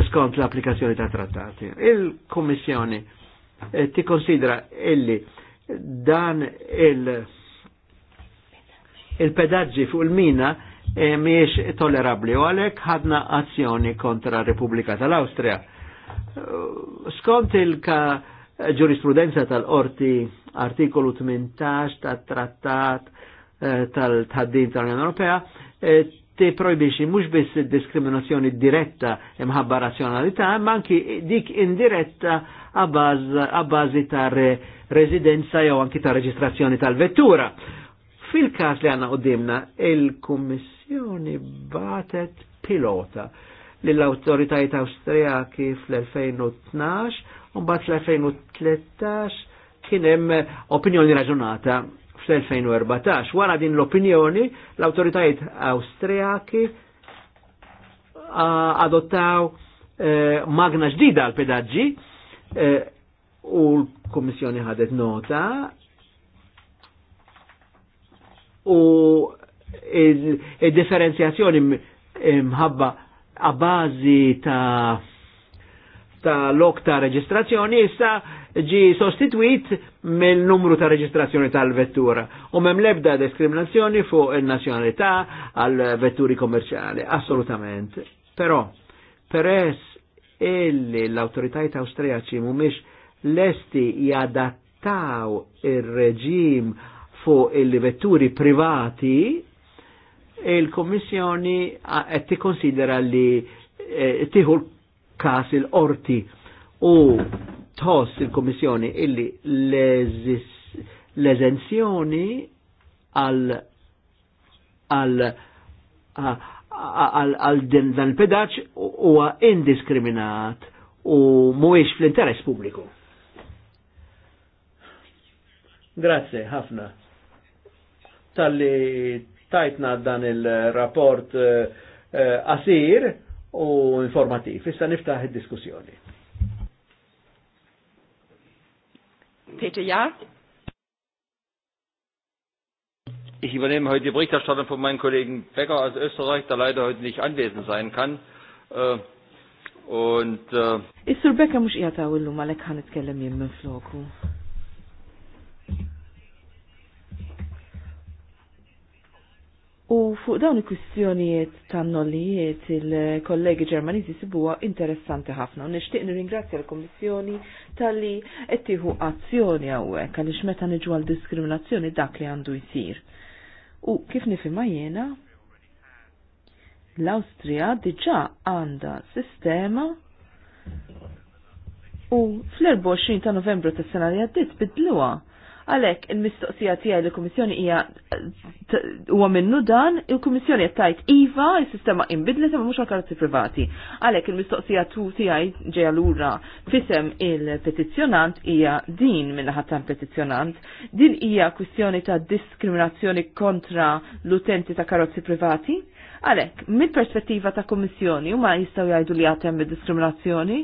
skont l-applikazzjoni ta' trattati. Il-Kommissjoni eh, ti konsidra illi dan il- il-pedagġi fuq il-mina eh, miex tollerabli u għalek ħadna azzjoni kontra Repubblika tal-Austria. Skont il-ka ġurisprudenza tal-orti artikolu 18 tat trattat Eh, tal-ħaddin tal-Unjoni Ewropea eh, ti projbixi mux biss diskriminazzjoni diretta imħabba razzjonalità, ma anki dik indiretta għabbażi ta' residenza jew anki ta' reġistrazzjoni tal-vettura. Fil-kas li għanna għoddimna, il-Kommissjoni batet pilota l-autoritajiet Awstrijaki fl-2012, un bat fl-2013 kienem opinjoni raġunata fl-2014. Wara din l-opinjoni, l-autoritajiet Awstrijaki adottaw eh, magna ġdida għal pedaġġi eh, u l komissjoni ħadet nota u il-differenzjazzjoni mħabba a bazi ta' ta' lok ta' reġistrazzjoni issa ġi sostituit mill-numru ta' reġistrazzjoni tal-vettura u mem lebda diskriminazzjoni fuq il-nazjonalità għal vetturi kommerċali, assolutament. Però, peress illi l-autoritajt austrijaċi mumiex lesti jadattaw il-reġim fuq il-vetturi privati, il-Kommissjoni għetti konsidera li eh, tiħu kas il-qorti u tħoss il-Kommissjoni illi l-eżenzjoni għal għal għal dan il-pedaċ huwa indiskriminat u mhuwiex fl-interess pubbliku. Grazie, ħafna. Talli tajtna dan il-rapport uh, uh, asir u informativ. Issa niftaħ id-diskussjoni. Peter Jahr? Ich übernehme heute die Berichterstattung von meinem Kollegen Becker aus Österreich, der leider heute nicht anwesend sein kann. Äh, und. Äh, Is-sur Becker mux jgħataw illum għalek ħan itkellem jien minn floku. U fuq dawn il-kwistjonijiet tan nollijiet il-kollegi ġermaniżi sibuha interessanti ħafna u nixtieq nirringrazzja l-Kommissjoni tal-li qed azzjoni hawnhekk għaliex meta niġu għal diskriminazzjoni dak li għandu jsir. U kif nifhimha jiena, l-Awstrija diġà għandha sistema u fl-24 ta' Novembru tas-sena li għaddiet bidluha Għalek, il-mistoqsija tijaj l-Komissjoni hija huwa minnu dan, il-Komissjoni jattajt IVA, il-sistema imbidlet ma mux għal-karozzi privati. Għalek, il-mistoqsija tu tijaj ġeja l-ura fisem il-petizjonant hija din minna ħattan petizjonant. Din hija kwistjoni ta' diskriminazzjoni kontra l-utenti ta' karozzi privati? Għalek, mill-perspettiva ta' Komissjoni, u ma jistaw jgħidu li għatem diskriminazzjoni?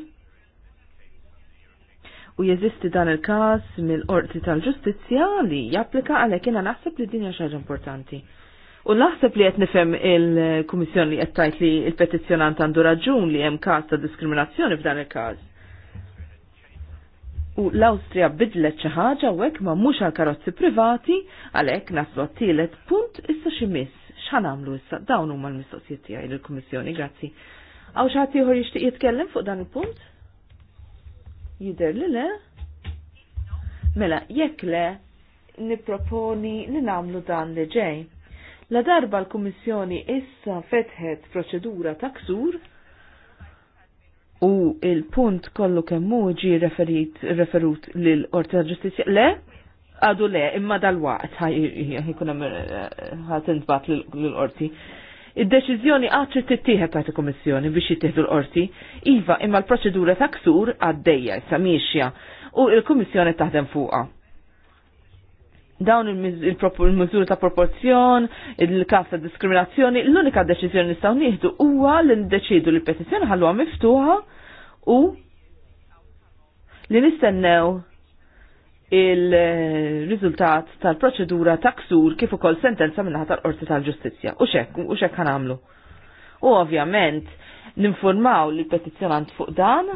u jeżisti dan il-kas mill-qorti tal-ġustizzja li japplika għalhekk jiena naħseb li dinja xaġa importanti. U naħseb li qed nifhem il-Kummissjoni qed tajt li l-petizzjonant għandu raġun li hemm każ ta' diskriminazzjoni f'dan il-każ. U l-Awstrija bidlet xi ħaġa u hekk ma mhux għal karozzi privati għalhekk naslu għat-tielet punt issa xi miss x'ħan għamlu issa dawn huma l-mistoqsijiet tiegħi lill-Kummissjoni, grazzi. Għaw xi ħadd ieħor jixtieq jitkellem fuq dan il-punt? Jider li le? Mela, jekk le, niproponi li namlu dan li ġej. La darba l-Kummissjoni issa fetħet proċedura ta' ksur u il-punt kollu kemmu ġi referit, referut l qorti ta' Ġustizja. Le? Għadu le, imma dal-waqt ħajkunem eh, intbagħat l-Orti. Id-deċiżjoni għad trid tittieħed ta' kummissjoni biex jittieħdu l-qorti, iva imma l-proċedura ta' ksur għaddejja samiexja miexja u l-Kummissjoni taħdem fuqha dawn il-mużuri ta' proporzjon, il-kas ta' diskriminazzjoni, l-unika deċizjoni nistaw nieħdu huwa li ndeċidu li l-petizzjoni ħalluha miftuħa u li nistennew il-riżultat tal-proċedura ta' ksur kif ukoll sentenza minnaħat tal-Qorti tal-Ġustizzja. U xek, u xek ħanamlu. U ovvjament, ninformaw li petizzjonant fuq dan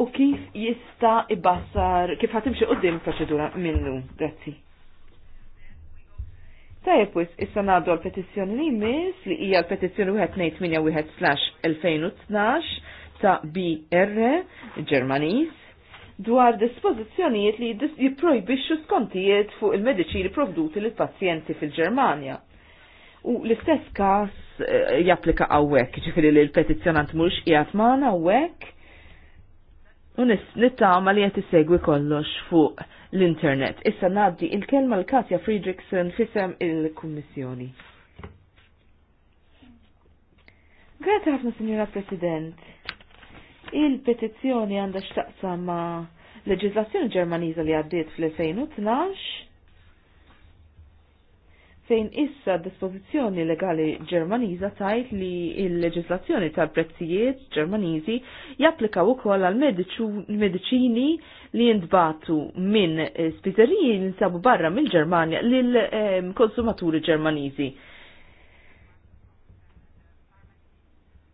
u kif jista' ibassar, kif ħatimxi il proċedura minnu. Grazzi. Tajjeb wis issa naddu l-petizzjoni li jmiss li hija l-petizzjoni 188/2012 ta' BR Ġermaniż dwar dispożizzjonijiet li jipprojbixxu skontijiet fuq il-mediċini provduti lill pazjenti fil-Ġermanja. U l-istess kas eh, japplika għawek, ġifiri li l-petizjonant mux jgħat maħna għawek, u nittama li qed segwi kollox fuq l-internet. Issa naddi il-kelma l-Katja Friedrichsen fisem il-Kommissjoni. Grazie ħafna, Signora President. Il-petizzjoni għandha xtaqsa ma' leġiżlazzjoni Ġermaniża li għaddiet fl-2012 fejn issa dispożizzjoni legali ġermaniża tajt li il leġizlazzjoni tal-prezzijiet ġermaniżi japplikaw ukoll għal mediċini li jintbatu minn spizzeriji li nsabu barra mill-Ġermanja lil ehm, konsumaturi ġermaniżi.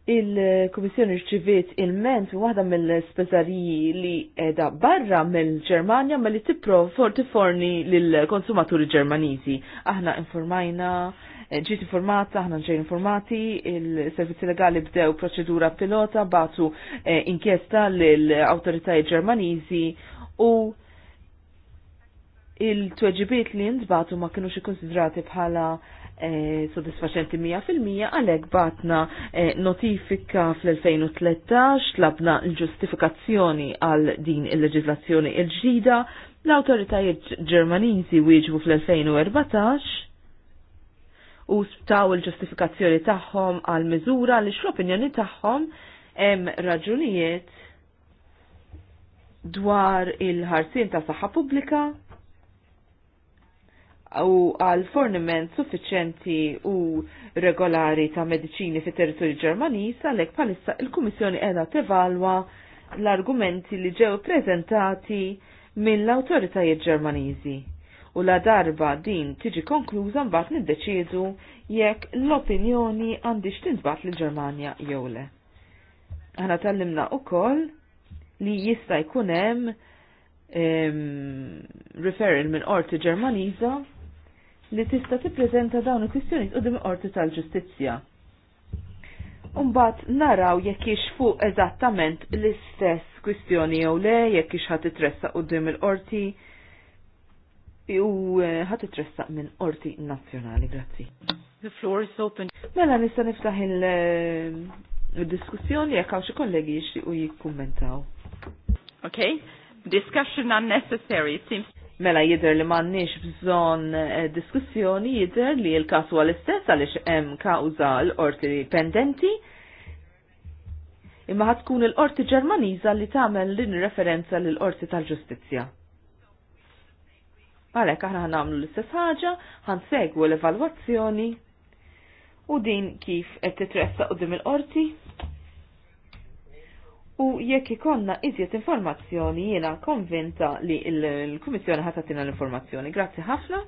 il-Komissjoni rċiviet il-ment waħda mill-spezzariji li edha barra mill-Ġermanja ma li forni lill-konsumaturi Ġermaniżi. Aħna informajna, eh, ġiet informata, aħna ġej informati, il-servizzi legali bdew proċedura pilota, batu eh, inkjesta lill-autoritajiet Ġermaniżi u il-tweġibiet li jindbatu ma kienux ikkonsidrati bħala Eh, soddisfaċenti 100% għalek batna eh, notifika fl-2013 l'abna l-ġustifikazzjoni għal din il-leġizlazzjoni il-ġdida l-autoritajiet ġermaniżi wieġbu fl-2014 u sptaw il-ġustifikazzjoni tagħhom għal miżura li l opinjoni tagħhom hemm raġunijiet dwar il-ħarsien ta' saħħa pubblika u għal forniment suffiċenti u regolari ta' mediċini fit territorju Ġermaniż għalhekk bħalissa il-Kummissjoni qiegħda tevalwa l-argumenti li ġew minn mill-awtoritajiet Ġermaniżi. U la darba din tiġi konkluża mbagħad niddeċiedu jekk l-opinjoni għandix tintbat lil Ġermanja jew le. Aħna tallimna wkoll li jista' jkun hemm referral minn qorti Ġermaniża li tista' tippreżenta dawn il-kwistjoni qudiem qorti tal-ġustizzja. Umbat naraw jekk fuq eżattament l-istess kwistjoni jew le, jekk ix ħadd itressaq qudiem il-qorti u eh, ħat itressaq minn qorti nazzjonali, grazzi. The floor is open. Mela nista' niftaħ eh, il-diskussjoni jekk hawn xi kollegi jixtiequ jikkummentaw. Okay, discussion unnecessary, it seems. Mela jidher li m'għandniex bżonn eh, diskussjoni jidher li l-każ huwa l-istess għaliex hemm kawża l-qorti pendenti. Imma ħad tkun il-qorti Ġermaniża li tagħmel din referenza lill qorti tal-Ġustizzja. Għalhekk aħna ħanamlu l-istess ħaġa, ħansegwu l-evalwazzjoni u din kif qed titressaq qudiem il-qorti U jekk ikonna iżjed informazzjoni jiena konvinta li l-Kummissjoni ħatatina l-informazzjoni. Grazzi ħafna.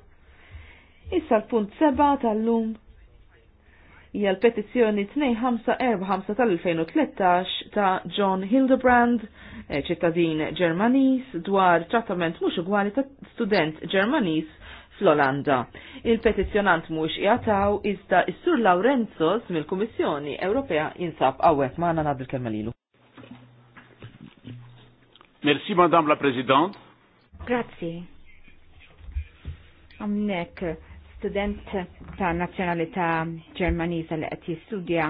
Issa l-punt seba tal-lum hija l-petizzjoni 2545 tal-2013 ta' John Hildebrand, eh, ċittadin Ġermanis, dwar trattament mhux ugwali ta' student Ġermanis fl-Olanda. Il-petizzjonant mhux jataw iżda is-Sur Laurenzos mill-Kummissjoni Ewropea jinsab għawek ma' għandna kemm-ilu. Merci, Madame la President. Grazie. Amnek, student ta' nazjonalità ġermaniza li qed jistudja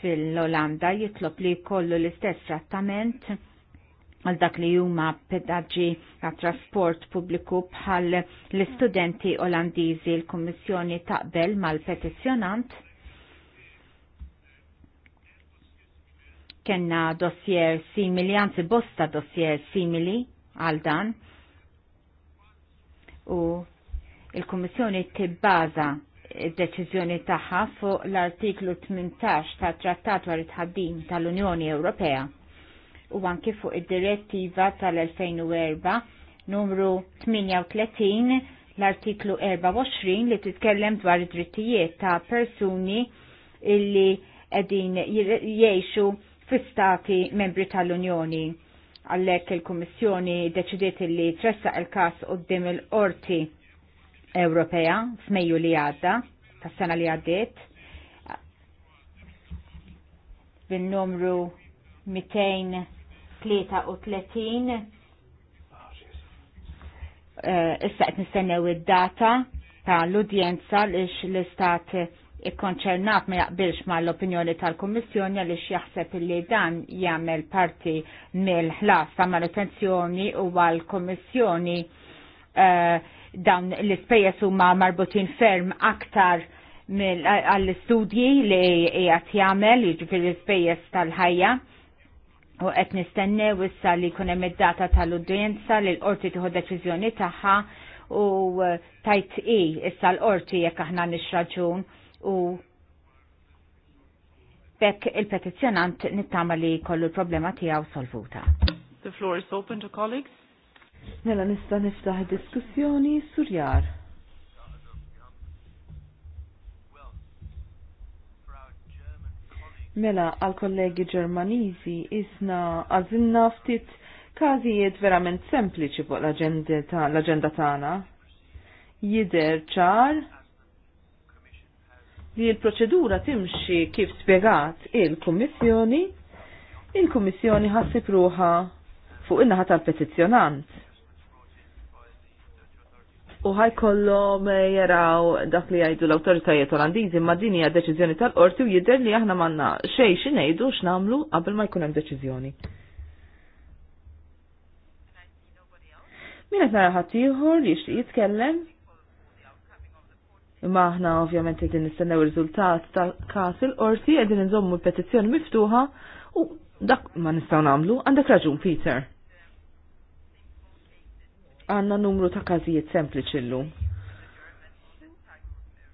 fil-Olanda jitlob li kollu l-istess trattament għal dak li huma pedaġġi għat trasport pubbliku bħal l-istudenti Olandiżi l-Kummissjoni taqbel mal-petizzjonant kena dossier simili, anzi bosta dossier simili għal dan. U il-Kommissjoni tibbaza id-deċiżjoni tagħha fuq l-artiklu 18 tat Trattat għal it-ħaddim tal-Unjoni Ewropea u anki fuq id-direttiva tal-2004 numru 38 l-artiklu 24 li titkellem dwar id-drittijiet ta' persuni illi qegħdin jgħixu fl-Stati membri tal-Unjoni. Għallek il-Kummissjoni deċidiet li tressa il-kas qoddim il-Qorti Ewropea f'Mejju li għadda, tas-sena li għaddiet, bil numru 233 issa qed nistennew id-data ta' l-udjenza li l-istat ikkonċernat ma jaqbilx ma l-opinjoni tal-Kommissjoni għaliex jaħseb li dan jagħmel parti mill-ħlas ta' manutenzjoni u għall-Kommissjoni eh, dawn l-ispejjeż huma marbutin ferm aktar għall-istudji li qiegħed jagħmel, jiġifieri l-ispejjeż tal-ħajja. U qed nistennew issa li jkun hemm id-data tal-udjenza li l-qorti tieħu deċiżjoni tagħha u tajt i issa l-qorti jekk aħna nixraġun. raġun u bekk il-petizjonant nittama li kollu problema tijaw solvuta. The floor is open to colleagues. Mela nista niftaħ diskussjoni surjar. Mela għal kollegi ġermaniżi isna għazilna ftit każijiet verament sempliċi fuq l-agenda tagħna. Jider ċar li l-proċedura timxi kif spiegat il-Kummissjoni, il-Kummissjoni ħassib pruħa fuq in-naħa tal-petizzjonant. U ħajkollhom eh, jaraw dak li jgħidu l-awtoritajiet olandizi ma din hija deċiżjoni tal-qorti u jidher li aħna m'għandna xejn xi x'namlu qabel ma jkun hemm deċiżjoni. Min qed nara li jixtieq jitkellem? Imma aħna ovvjament qegħdin nistennew riżultat ta' każ il-qorti qegħdin inżommu l-petizzjoni miftuħa u dak ma nistgħu nagħmlu għandek raġun Peter. Għanna numru ta' każijiet sempliċi llum.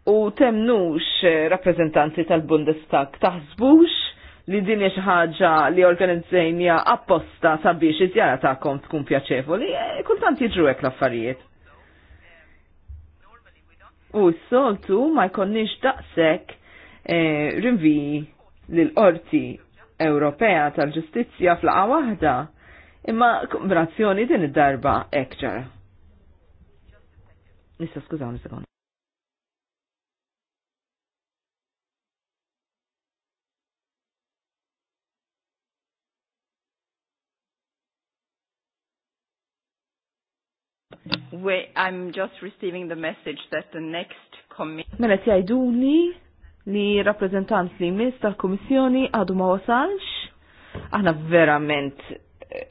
U temnux rappreżentanti tal-Bundestag taħsbux li din xi ħaġa li organizzejnija apposta sabiex iż-żjara tagħkom tkun pjaċevoli, eh, kultant jiġru hekk l-affarijiet u s-soltu ma jkonniex daqsek eh, rinvi l-Qorti Ewropea tal-Ġustizzja flaqa waħda imma kombrazzjoni din id-darba ekċar. Nista skużawni sekond. We, I'm just receiving the message that the next committee... Mela jajduni li rappresentant li mis tal-Komissjoni għadu ma wasalx. Aħna verament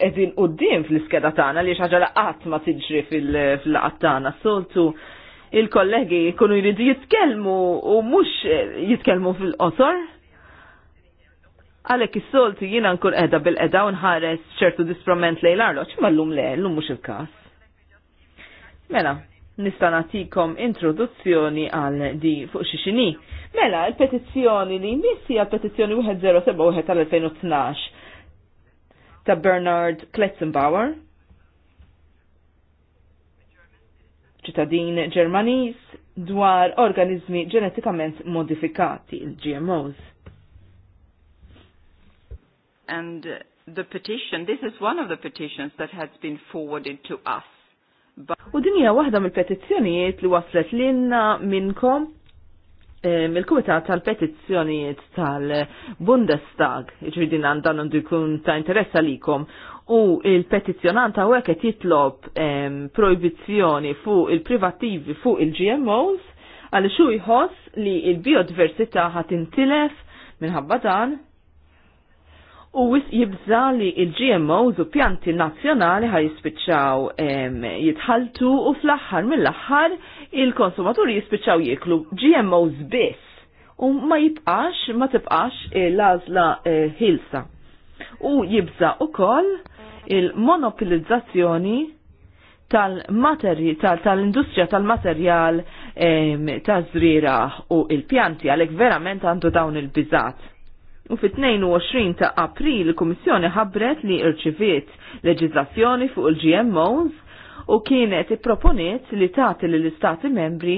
edin qoddim fl-iskeda tagħna li xaġa laqat ma tiġri fil-laqat tagħna. Soltu il-kollegi jkunu jridu jitkellmu u mhux jitkellmu fil-qosor. Għalek is-soltu jiena nkun edha bil-qeda u nħares ċertu disprament lejn l lum ma llum lum mux mhux il-każ. Mela, nista' nagħtikom introduzzjoni għal di fuq xi Mela, l-petizzjoni li missi għal petizzjoni 1071 tal-2012 ta' Bernard Kletzenbauer, ċittadin Ġermaniż dwar organizmi ġenetikament modifikati, il-GMOs. And the petition, this is one of the petitions that has been forwarded to us. U dinja waħda mill-petizzjonijiet li waslet l-inna minnkom eh, mill-Kumitat tal-Petizzjonijiet tal-Bundestag, ġridin għandan għandu jkun ta' interessa likom, u il petizzjonanta għawek qed jitlob proibizjoni fuq il-privattivi fuq il-GMOs għal xu jħoss li il-biodiversità ħat intilef minħabba dan u wis jibżali li il-GMOs u pjanti nazzjonali ħaj jispiċċaw jitħaltu u fl-aħħar mill-aħħar il-konsumaturi jispiċċaw jiklu GMOs biss u ma jibqax, ma tibqax l-azla eh, ħilsa. U jibza u koll il-monopolizzazzjoni tal materi tal-industrija tal-materjal tal zrira u il-pjanti, għalek verament għandu dawn il-bizat U fit-22 ta' april il-Kummissjoni ħabbret li irċiviet leġiżlazzjoni fuq il-GMOs u kienet proponiet li tagħti lill istati membri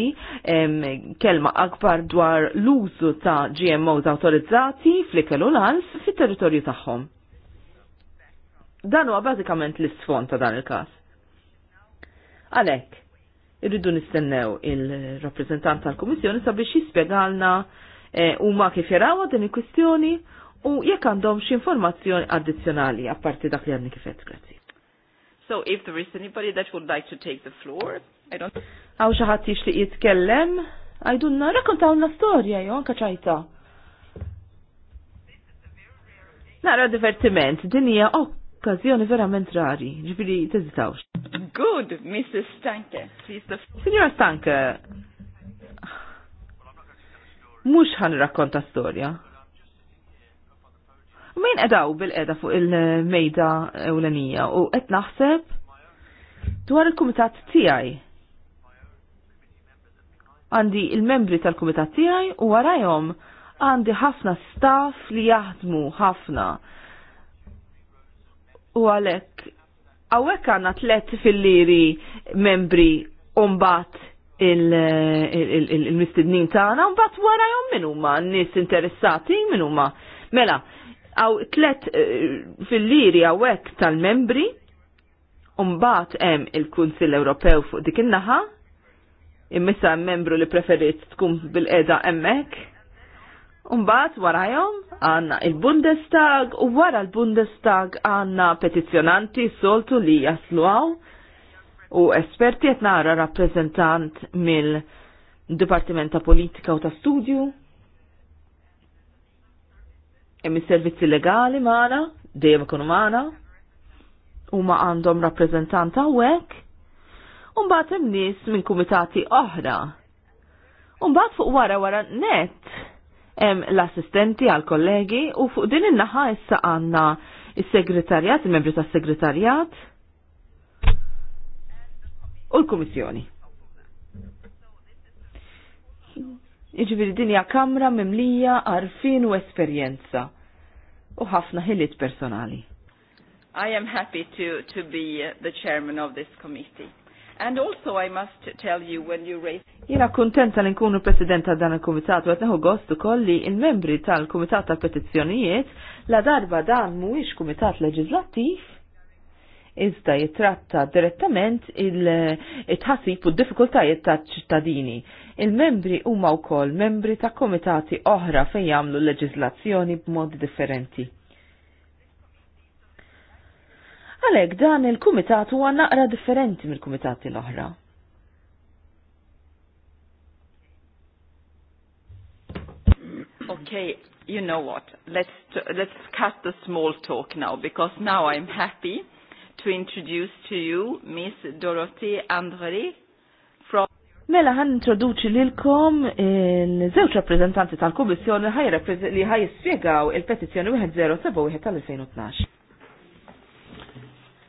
em, kelma akbar dwar l-użu ta' GMOs autorizzati fl-ikel u l-alf fit-territorju tagħhom. Dan huwa bażikament l-isfond ta' dan il-każ. Għalhekk, irridu nistennew il-rappreżentant tal-Kummissjoni sabiex jispjegalna huma eh, kif jaraw din il-kwistjoni u jekk għandhom xi informazzjoni addizzjonali apparti dak li għandni kifet, grazzi. So if there is anybody that would like to take the floor, I don't... xi ħadd jixtieq jitkellem, għajdunna rakontawna storja jew anke ċajta. Nara divertiment, din hija okkażjoni verament rari, ġifieri teżitawx. Good, Mrs. Stanke, please the... Signora Stanke, mhux rakkonta storja. Min edaw bil edha fuq il-mejda ewlenija u qed naħseb dwar il-kumitat tiegħi. Għandi il-membri tal-kumitat tiegħi u warajhom għandi ħafna staff li jaħdmu ħafna. U għalhekk hawnhekk għandna tlet fil-liri membri umbat il-mistednin tagħna u mbagħad warahom min huma n-nies interessati min huma. Mela, għaw tlet eh, fil-liri għawek tal-membri, umbat hemm il-Kunsill Ewropew fuq dik in-naħa, immissa membru li preferit tkun bil-qeda hemmhekk. Umbat warajhom għandna il-Bundestag u wara l-Bundestag għandna petizzjonanti soltu li jaslu għaw u esperti qed nara rappresentant mill-Dipartiment ta' Politika u ta' Studju. Hemm is-servizzi legali magħna, dejjem maħna. magħna, huma għandhom rappreżentant hawnhekk. Umbagħad hemm nies minn kumitati oħra. Umbagħad fuq wara wara net hemm l-assistenti għal kollegi u fuq din in-naħa issa għandna is-segretarjat, il-membri tas-segretarjat. il membri tas segretarjat u l-Kummissjoni. Iġviri dinja kamra mimlija għarfin u esperjenza u ħafna ħiliet personali. I am happy to, to be uh, the chairman of this committee. And also I must tell you when you raise... Jena kontenta li nkunu presidenta dan il-komitat u għetneħu gost kolli il-membri tal-komitat tal-petizzjonijiet la darba dan mhuwiex komitat leġislattiv iżda jitratta direttament il-tħassib u d-diffikultajiet ta' ċittadini. Il-membri huma wkoll membri ta' komitati oħra fejn jagħmlu leġiżlazzjoni b'mod differenti. Għalhekk dan il-kumitat huwa naqra differenti mill-kumitati l-oħra. Okay, you know what? Let's let's cut the small talk now because now I'm happy to introduce to you Miss Dorothy Andrely from Mela ħan introduċi lilkom il-żewġ rappreżentanti tal-Kummissjoni li ħaj jispjegaw il-petizzjoni 1071 tal-2012.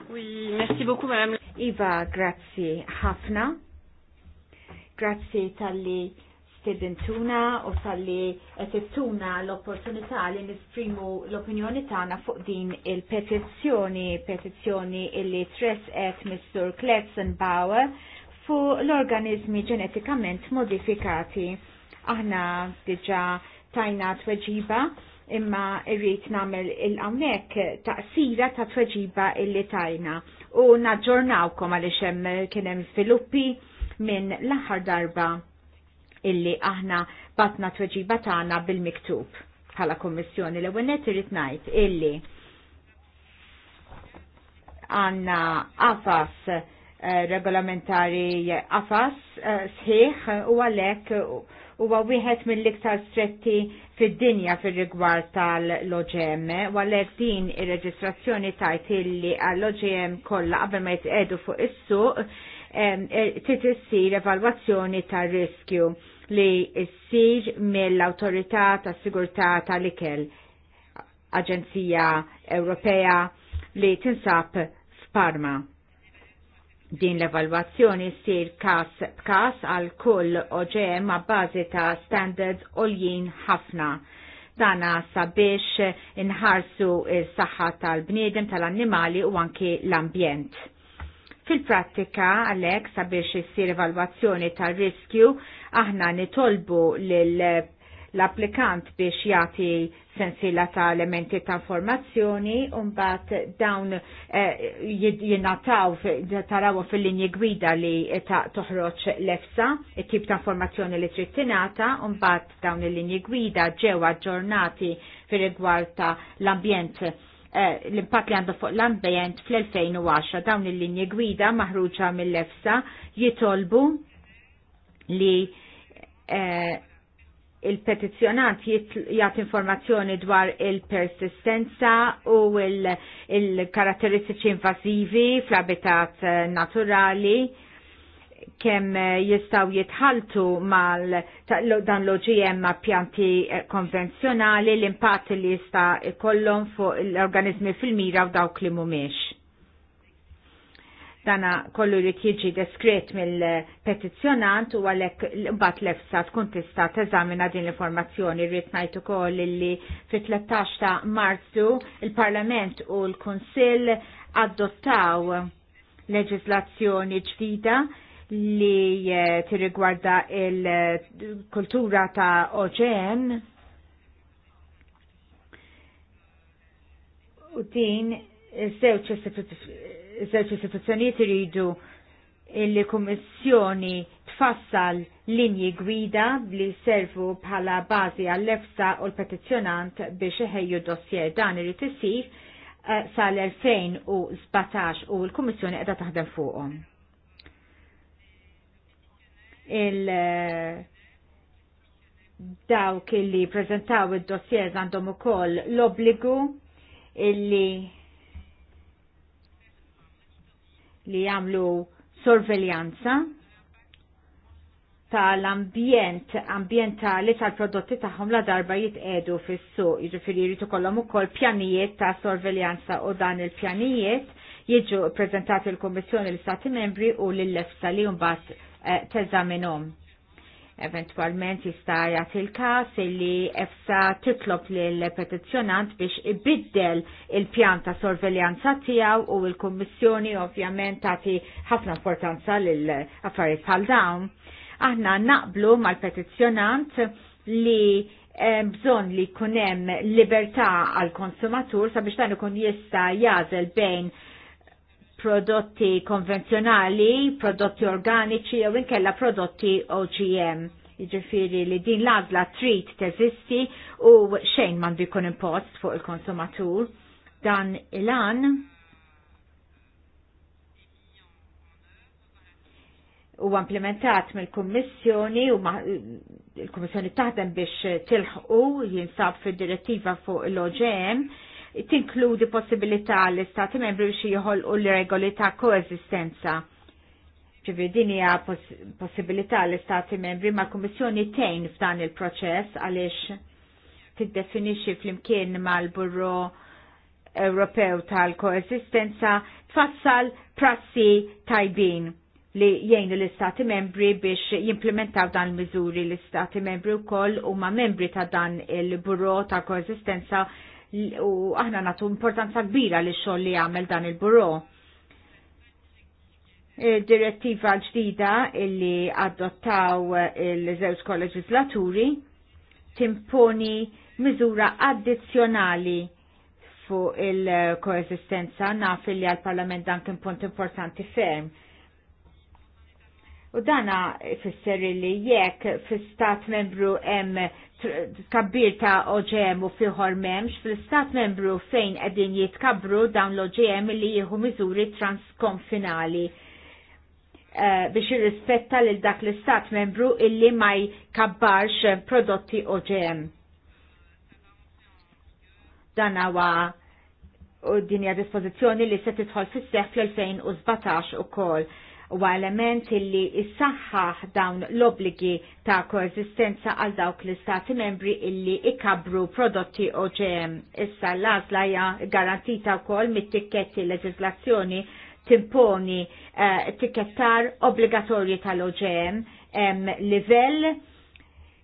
Oui, merci beaucoup madame. Iva, grazie ħafna. Grazie tal-li tibintuna u tal-li tittuna l-opportunità li nisprimu l-opinjoni tagħna fuq din il-petizzjoni, petizzjoni illi et Mr. Bauer fuq l-organizmi ġenetikament modifikati. Aħna diġa tajna tweġiba imma irrit namel il-għamnek taqsira ta' tweġiba illi tajna u naġġornawkom għaliex hemm kien hemm sviluppi minn l-aħħar darba illi aħna batna tweġiba tagħna bil-miktub bħala kommissjoni l-ewwel irid ngħid illi għandna afas eh, regolamentari afas eh, sħiħ u għalhekk huwa wieħed mill-iktar stretti fid-dinja fir-rigward tal-OGM, u għalhekk din ir-reġistrazzjoni tajt illi għall-OGM kollha qabel ma jitqedu fuq is-suq E, titissir evalwazzjoni tar riskju li issir mill-Awtorità tas Sigurtà tal-Ikel, Aġenzija Ewropea li tinsab f'Parma. Din l-evalwazzjoni ssir kas b'kas għal kull OGM ma' bażi ta' standards oljin ħafna. Dana sabiex inħarsu s saħħa tal-bniedem tal-annimali u anki l-ambjent Fil-prattika għalhekk sabiex issir evalwazzjoni tar-riskju aħna nitolbu l-applikant biex jagħti sensila ta' elementi ta' informazzjoni bat dawn eh, jinnataw tarawu fil-linji gwida li ta' toħroċ lefsa, it-tip ta' informazzjoni li trittinata, bat dawn il-linji gwida ġewa ġornati fil rigward ta' l-ambjent Eh, l-impatt li għandu fuq l-ambjent fl-2010 dawn il-linji gwida maħruġa mill-EFSA jitolbu li eh, il-petizjonant jgħat informazzjoni dwar il-persistenza u il-karatteristiċi invasivi fl-abitat eh, naturali kemm eh, jistaw jitħaltu mal dan l-OGM ma' pjanti eh, konvenzjonali l-impatt li jista' kollon fuq l-organizmi fil-mira u dawk li mumiex. Dana kollu li jiġi deskret mill petizjonant u għalek bat lefsa tkun tista teżamina din l-informazzjoni rrit najt ukoll li fit-13 ta' Marzu il-Parlament u l-Kunsill adottaw leġislazzjoni ġdida li eh, tirigwarda il-kultura ta' oċen u din żewġ istituzzjonijiet iridu il-Kummissjoni tfassal linji gwida li servu bħala bażi għall-EFSA u l-petizzjonant biex iħejju dossier dan irid isir eh, sal-2017 u l-Kummissjoni qiegħda taħdem fuqhom il- dawk illi prezentaw id dossier għandhom ukoll l-obbligu illi li jagħmlu sorveljanza tal-ambjent ambjentali tal-prodotti tagħhom la darba jitqedu fis-suq, jiġifieri jrid ikollhom ukoll pjanijiet ta' sorveljanza u dan il-pjanijiet jiġu ppreżentati l-Kummissjoni l istati Membri u lill-EFSA li mbagħad Eh, teżaminhom. Eventualment jista' jagħti il-każ li EFSA titlob lil petizzjonant biex ibiddel il-pjan ta' sorveljanza tiegħu u l-Kummissjoni ovvjament tagħti ħafna importanza lil affarijiet bħal dawn. Aħna naqblu mal-petizzjonant li eh, bżon li kunem libertà għal konsumatur sabiex dan ikun jista jażel bejn prodotti konvenzjonali, prodotti organiċi jew inkella prodotti OGM. Jiġifieri li din l-għażla trid teżisti u xejn m'għandu jkun impost fuq il-konsumatur. Dan il-għan u implementat mill-Kummissjoni u il-Kummissjoni taħdem biex tilħqu jinsab fil direttiva fuq l-OGM tinkludi possibilità l-istati membri biex u l-regoli ta' koesistenza. Ġivri din hija possibilità l-istati membri ma' kummissjoni tejn f'dan il-proċess għaliex tiddefinixxi flimkien mal-Burro Ewropew tal-koesistenza tfassal prassi tajbin li jgħinu l-istati membri biex jimplementaw dan l-mizuri l-istati membri u koll u ma membri ta' dan il burro ta' koesistenza u aħna natu importanza kbira li xoll li għamel dan il-buro. Direttiva ġdida illi adottaw il-żewġ kolleġislaturi timponi miżura addizzjonali fuq il-koesistenza naf li għal-parlament dan kien punt importanti ferm U dana fisser li jekk fil-stat membru hemm tkabbir ta' OGM u fiħor memx, fil-stat membru fejn edin jitkabru dawn l-OGM li jihu miżuri transkonfinali uh, biex jirrispetta lil dak l-istat membru illi ma jkabbarx prodotti OGM. Dan huwa u dinja dispożizzjoni li se tidħol fis-seħħ fl-2017 ukoll u element illi issaħħaħ dawn l-obligi ta' koesistenza għal dawk l-istati membri illi ikabru prodotti OGM. Issa l-azla hija garantita wkoll mit-tikketti leġislazzjoni timponi uh, eh, tikettar obbligatorji tal-OGM livell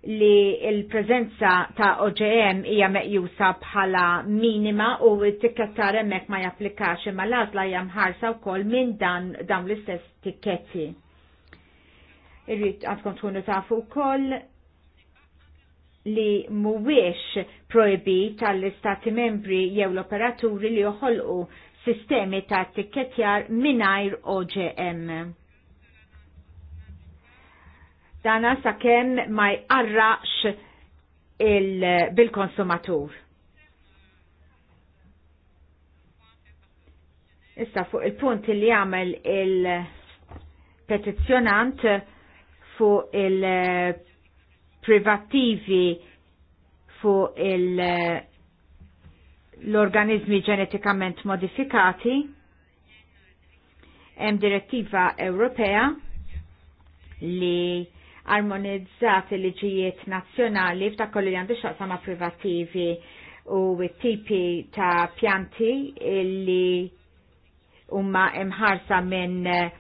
li il-prezenza ta' OGM hija meqjusa bħala minima u t-tikkettar hemmhekk ma japplikax imma l-għażla hija mħarsa wkoll minn dan dawn l-istess tikketti. Irrid għandkom tkunu tafu wkoll li mhuwiex projbi tal-istati membri jew l-operaturi li joħolqu sistemi ta' tikketjar mingħajr OGM dana sakemm ma jqarrax bil-konsumatur. Issa fuq il-punt li jagħmel il-petizzjonant fuq il-privattivi fuq il- l-organizmi ġenetikament modifikati, hemm direttiva Ewropea li armonizzati liġijiet nazzjonali f'dak kollu li għandu xaqsama' ma' privativi u tipi ta' pjanti li huma imħarsa minn eh,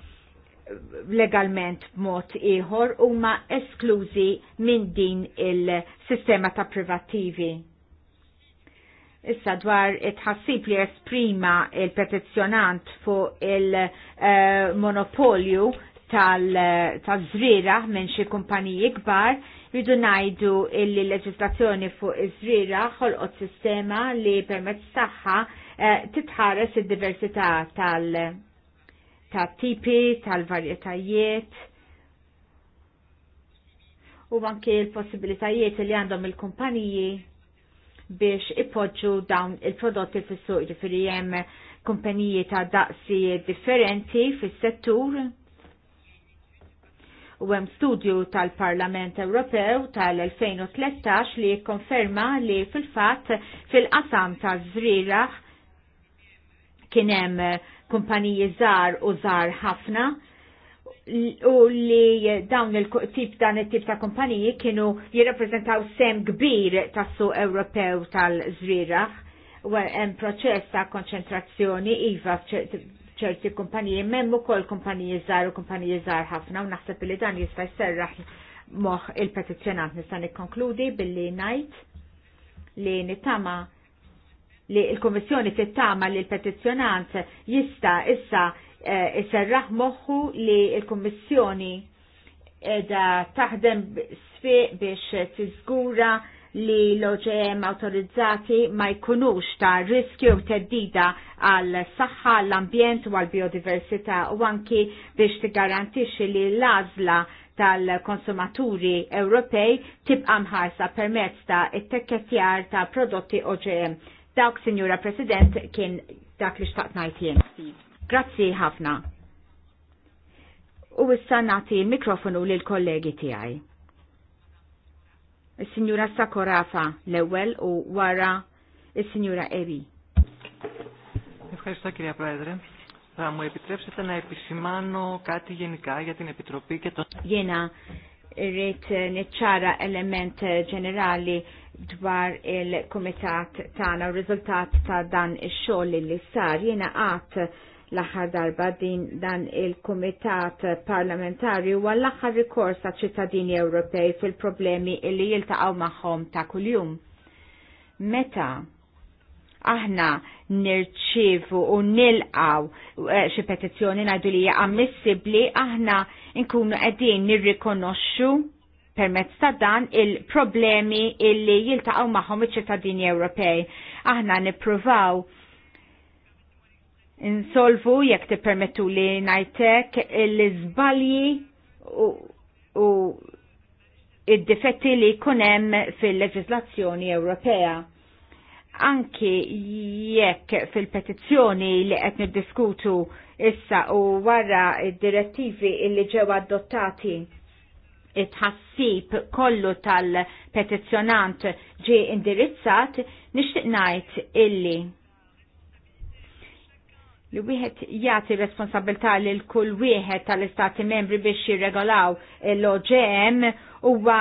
legalment b'mod ieħor huma esklużi minn din il-sistema ta' privattivi. Issa dwar it-ħassib li esprima il-petizzjonant fuq il-monopolju eh, tal-żriraħ minn xi kumpaniji kbar, rridu ngħidu illi l-leġislazzjoni fuq iż żriera ħolqot sistema li permezz tagħha eh, titħares id-diversità tal- tipi tal-varjetajiet, u anke l-possibilitajiet li għandhom il-kumpaniji biex ipoġġu dawn il-prodotti fis-suq, jiġifieri hemm kumpaniji ta' daqsi differenti fis-settur u hemm studju tal-Parlament Ewropew tal-2013 li jikkonferma li fil-fatt fil-qasam ta' żrira kien hemm kumpaniji żgħar u żgħar ħafna u li dawn il-tip dan it-tip ta' kumpaniji kienu jirrappreżentaw sem kbir tas-suq Ewropew tal-żrieraħ hemm proċess ta' konċentrazzjoni iva ċerti kumpaniji, memmu kol kumpaniji zar u kumpaniji zar ħafna u naħseb li dan jista' jserraħ moħ il-petizjonant nista' nikkonkludi billi ngħid li nittama li l-Kummissjoni tittama li l-petizjonant jista' issa jserraħ eh, moħħu li l-Kummissjoni edha taħdem sfiq biex tiżgura li l-OGM autorizzati ma jkunux ta' riskju teddida għal saħħa l-ambjent u għal biodiversità u anki biex tigarantixxi li l-azla tal-konsumaturi Ewropej tibqa' mħarsa permezz ta' it-tekketjar ta' prodotti OGM. Dawk, Sinjura President, kien dak li xtaqt ngħid jien. Grazzi ħafna. U issa nagħti l-mikrofonu lill kollegi tiegħi il-Sinjura Sakorafa l-ewel u wara il-Sinjura Eri. Ευχαριστώ κυρία Πρόεδρε. Θα μου επιτρέψετε να επισημάνω κάτι γενικά για την Επιτροπή και το... Jena, irrit neċċara element ġenerali dwar il-komitat tana u rizultat ta' dan ix-xogħol li sar jiena qatt l-aħħar darba din dan il-Kumitat Parlamentari huwa l-aħħar rikors ta' ċittadini Ewropej fil-problemi li jiltaqgħu magħhom ta' kuljum. Meta aħna nirċivu u nilqaw eh, xi petizzjoni ngħidu li hija ammissibbli aħna nkunu qegħdin nirrikonoxxu permezz ta' dan il-problemi illi jiltaqgħu magħhom iċ-ċittadini Ewropej. Aħna nippruvaw insolvu jekk tippermettu li ngħidlek l-iżbalji u, u id-difetti li kunem fil-leġislazzjoni Ewropea. Anki jekk fil-petizzjoni li qed niddiskutu issa u wara id-direttivi li ġew adottati it-ħassib kollu tal-petizzjonant ġi indirizzat, nixtieq ngħid illi li wieħed jagħti responsabilità lil kull wieħed tal-istati membri biex jirregolaw l-OGM huwa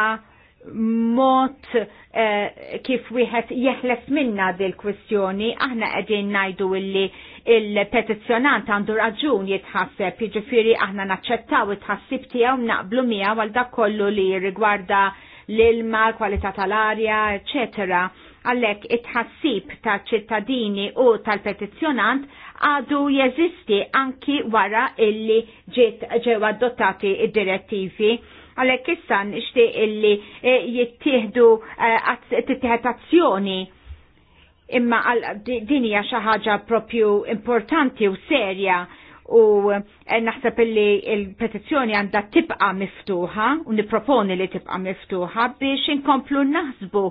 mod eh, kif wieħed jeħles minna dil kwistjoni aħna qegħdin ngħidu illi il-petizzjonant għandu raġun jitħasseb, jiġifieri aħna naċċettaw it tħassib tiegħu naqblu miegħu għal dak kollu li rigwarda l-ilma, kwalità tal-arja, eċetera Għalhekk it tħassib ta' ċittadini u tal petizzjonant għadu jeżisti anki wara illi ġiet ġew adottati id-direttivi għalhekk issa nixtieq illi eh, jittieħdu eh, tittieħed azzjoni imma din hija xi ħaġa propju importanti u serja u eh, naħseb illi il-petizzjoni għandha tibqa miftuħa u niproponi li tibqa miftuħa biex inkomplu naħsbu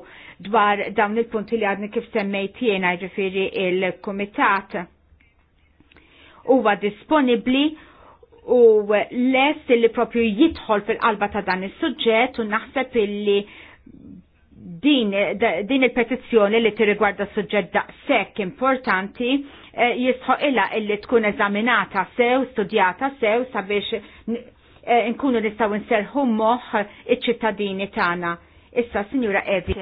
dwar dawn il-punti li għadni kif semmejt jiena ġifieri il-kumitat huwa disponibbli u lest li propju jidħol fil-qalba ta' dan is-suġġett u naħseb illi din, din il-petizzjoni li tirrigwarda suġġett daqshekk importanti eh, ilha illi tkun eżaminata sew, studjata sew sabiex eh, nkunu nistgħu nserħu moħħ iċ-ċittadini tagħna. Issa, Sinjura Evi.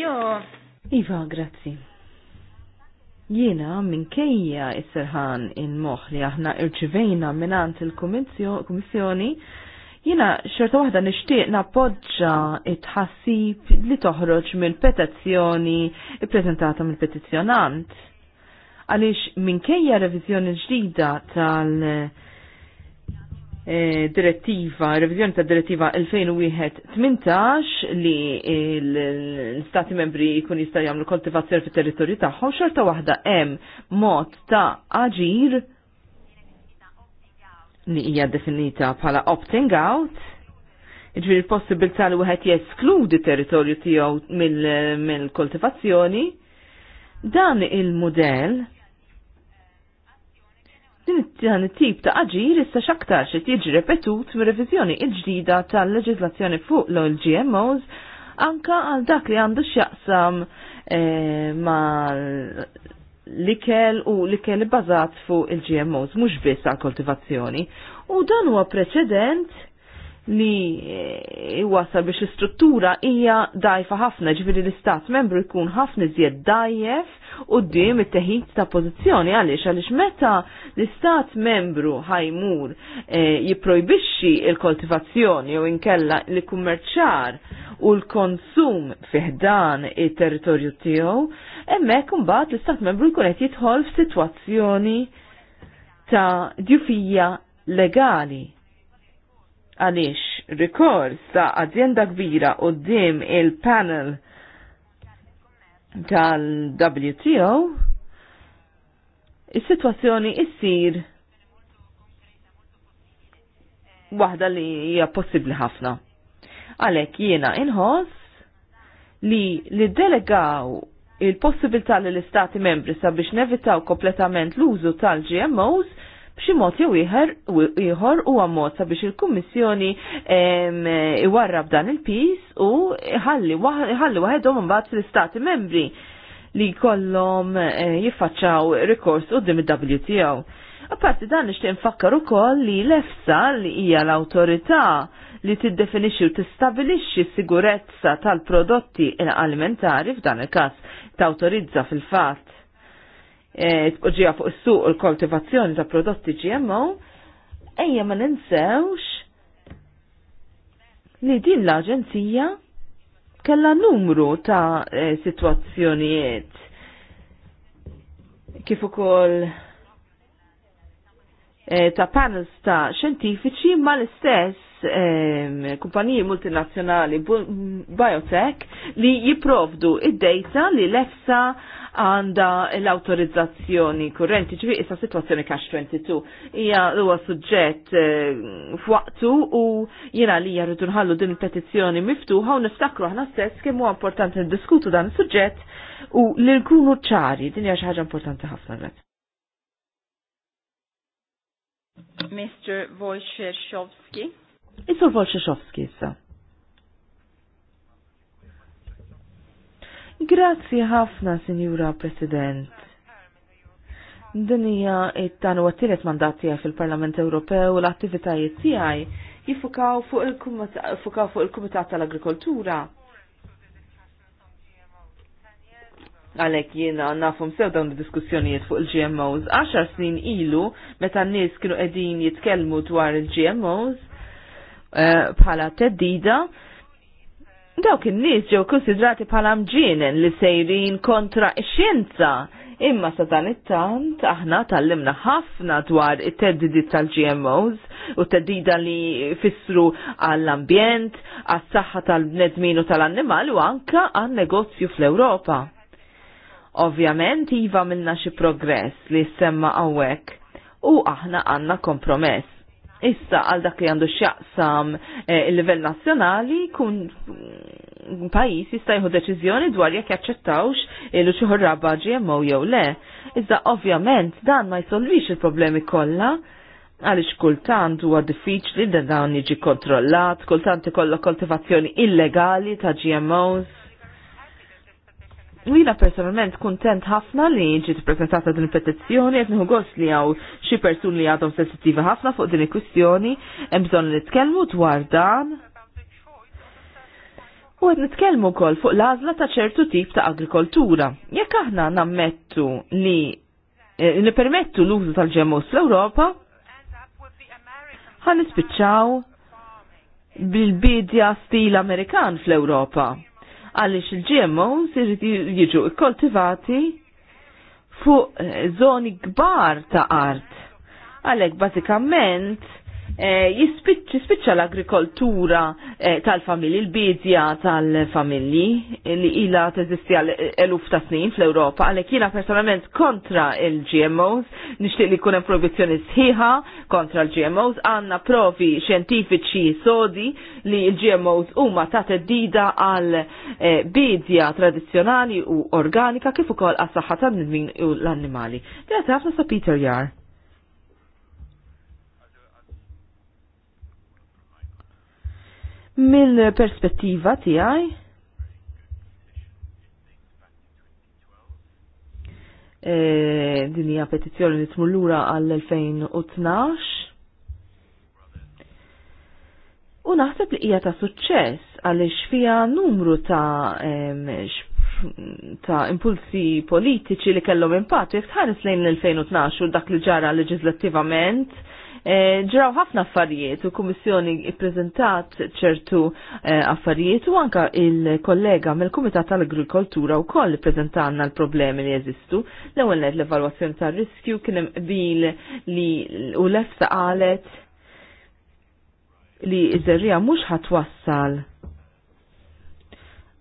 Jo. Eh, iva, grazzi. Jiena minkejja is-serħan in-moħ li aħna irċivejna minant il-Kummissjoni, jiena xorta waħda nixtieq nappoġġa it-ħassib li toħroġ mill-petazzjoni ppreżentata mill-petizzjonant. Għaliex minkejja reviżjoni ġdida tal- E, direttiva, revizjoni ta' direttiva 2018 18 li l-Stati membri kun jista' jagħmlu koltivazzjoni fit-territorju tagħhom xorta waħda hemm mod ta' aġir li hija definita bħala opting out. l possibilità li wieħed jeskludi territorju tiegħu mill-koltivazzjoni. Dan il-modell dan it-tip ta' aġir issa xaktar xi tiġi repetut mir-reviżjoni l-ġdida tal-leġiżlazzjoni fuq l-GMOs anka għal dak li għandu x'jaqsam eh, ma' l-ikel u l-ikel bazat fuq il-GMOs, mhux biss għal koltivazzjoni. U dan huwa preċedent li eh, wasal biex l-istruttura hija dajfa ħafna ġifiri l-istat membru jkun ħafna iżjed dajf u d-dim it-teħid ta' pozizjoni għaliex għaliex meta l-istat membru ħajmur eh, jiprojbixxi il-koltivazzjoni u inkella l-kummerċar u l-konsum fiħdan it-territorju tiegħu, hemmhekk imbagħad l-istat membru jkun qed jidħol f'sitwazzjoni ta' djufija legali għaliex rikors ta' azienda kbira u dim il-panel tal-WTO, is-sitwazzjoni issir waħda li hija possibbli ħafna. Għalhekk jiena inħoss li li delegaw il-possibilità li l-istati membri sabiex nevitaw kompletament l-użu tal-GMOs b'xi mod jew ieħor huwa mod sabiex il-Kummissjoni iwarrab dan il-pis u ħalli waħedhom imbagħad l-Istati membri li kollhom eh, jiffaċċaw rikors qudiem il-WTO. Apparti dan nixtieq nfakkar ukoll li l-EFSA li hija l-awtorità li tiddefinixxi u tistabilixxi s sigurezza tal-prodotti alimentari f'dan il-każ tawtorizza fil-fatt tqoġija e, fuq is-suq u l-koltivazzjoni ta' prodotti GMO, ejja ma ninsewx li din l-Aġenzija kella numru ta' e, sitwazzjonijiet kif ukoll e, ta' panels ta' xjentifiċi ma l-istess kumpaniji multinazzjonali biotech li jiprovdu id-data li l-EFSA għanda l-autorizzazzjoni kurrenti ġifi issa situazzjoni kax 22. Ija huwa suġġett eh, f'waqtu u jiena li jarridu nħallu din il-petizzjoni miftuħa u niftakru aħna stess kemm huwa importanti ndiskutu dan is-suġġett u li nkunu ċari din hija xi ħaġa importanti ħafna. Mr. Wojciechowski. Isur Wojciechowski issa. Grazzi ħafna, Sinjura President. Din hija it-tan u t-tielet mandat fil-Parlament Ewropew u l-attivitajiet tiegħi jifukaw fuq il-Kumitat tal-Agrikoltura. Għalek jiena nafum sew dawn diskussjonijiet fuq il-GMOs. 10 snin ilu meta n-nies kienu qegħdin jitkellmu dwar il-GMOs eh, bħala teddida, dawk in-nies ġew konsidrati bħala mġienen li sejrin kontra x-xjenza. Imma sa dan it-tant aħna tallimna ħafna dwar it-teddidi tal-GMOs u t teddida li fissru għall-ambjent, għas-saħħa tal-bnedmin u tal-annimal u anka għan-negozju fl-Ewropa. Ovvjament iva minna xi progress li semma hawnhekk u aħna għandna kompromess issa għal dak li għandu xjaqsam eh, il-livell nazzjonali kun mm, pajis jista' jieħu deċiżjoni dwar jekk jaċċettawx ilu xi rabba GMO jew le. Iżda ovvjament dan ma jsolvix il-problemi kollha għalix kultant huwa diffiċli li dan jiġi kontrollat, kultant ikollok koltivazzjoni illegali ta' GMOs Wila personalment kontent ħafna li ġiet prezentata din il-petizzjoni qed nieħu gost li hawn xi persuni li għadhom sensittivi ħafna fuq din il-kwistjoni hemm bżonn li nitkellmu dwar dan. U qed nitkellmu wkoll fuq l-għażla ta' ċertu tip ta' agrikoltura. Jekk aħna nammettu li eh, nipermettu l-użu tal-ġemus fl-Ewropa, ħan nispiċċaw bil-bidja stil Amerikan fl-Ewropa għaliex il-GMOs jiġu ikkoltivati fuq eh, zoni kbar ta' art. Għalhekk bażikament Eh, jispiċċa l-agrikoltura eh, tal-familji, l-bidja tal-familji eh, li ila teżisti għal eluf ta' snin fl-Europa, għalek jina personalment kontra il-GMOs, nishtiq li kunem provizjoni sħiħa kontra l-GMOs, għanna provi xjentifiċi sodi li l-GMOs huma ta' teddida għal bidja tradizjonali u organika kif ukoll għas-saħħa tan-nidmin u l-annimali. Grazie ħafna sa' Peter Jar. mill-perspettiva tiegħi e, din hija petizzjoni li tmur lura għal 2012 U naħseb li hija ta' suċċess għaliex fiha numru ta' ta' impulsi politiċi li kellhom impatt jekk tħares lejn l-2012 u dak li ġara leġislattivament Eh, ġraw ħafna affarijiet u kummissjoni ippreżentat ċertu eh, affarijiet u anka il-kollega mill-Kumitat tal-Agrikoltura u koll prezentanna l-problemi li jeżistu. L-ewwel l-evalwazzjoni tar-riskju kien hemm bil li u lefsa qalet li iż-żerrija mhux ħatwassal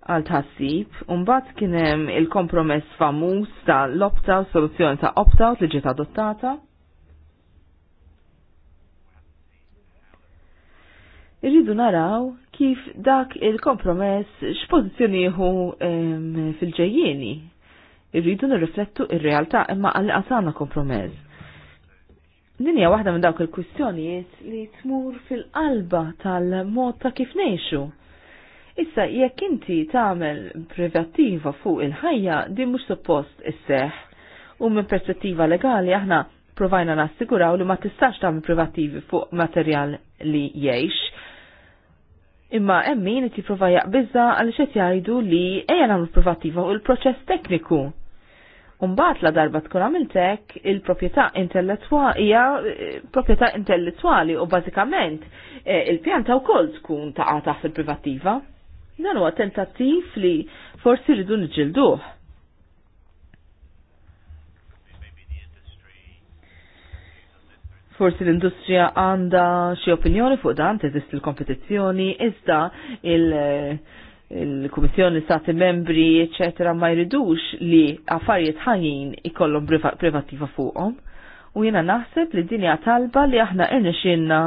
għal tħassib, umbat kienem il-kompromess famuż ta' l-opt-out, soluzzjoni ta' opt-out li ġiet adottata. Irridu naraw kif dak il-kompromess x'pożizzjonieħu fil-ġejjieni. Irridu nirriflettu ir-realtà imma għal għasana kompromess. Ninja waħda minn dawk il-kwistjonijiet li tmur fil-qalba tal-mod ta' kif ngħixu. Issa jekk inti tagħmel privattiva fuq il-ħajja din mhux suppost isseħ u minn perspettiva legali aħna provajna nassiguraw li ma tistax tagħmel privattivi fuq materjal li jgħix Imma emmin qed jipprova jaqbizza għal xet jgħidu li ejja nagħmlu privattiva u l-proċess tekniku. Umbat la darba tkun għamilt hekk il-proprjetà intellettwali hija eh, proprjetà intellettwali u bażikament eh, il-pjanta wkoll tkun taqa' taħt il-privattiva. Dan huwa tentattiv li forsi rridu niġġilduh Forsi l-industrija għanda xi opinjoni fuq dan teżist il-kompetizzjoni, iżda il- il-Kummissjoni Stati Membri, eccetera, ma jridux li affarijiet ħajjin ikollhom privattiva fuqhom. U jiena naħseb li dinja talba li aħna irnexxinna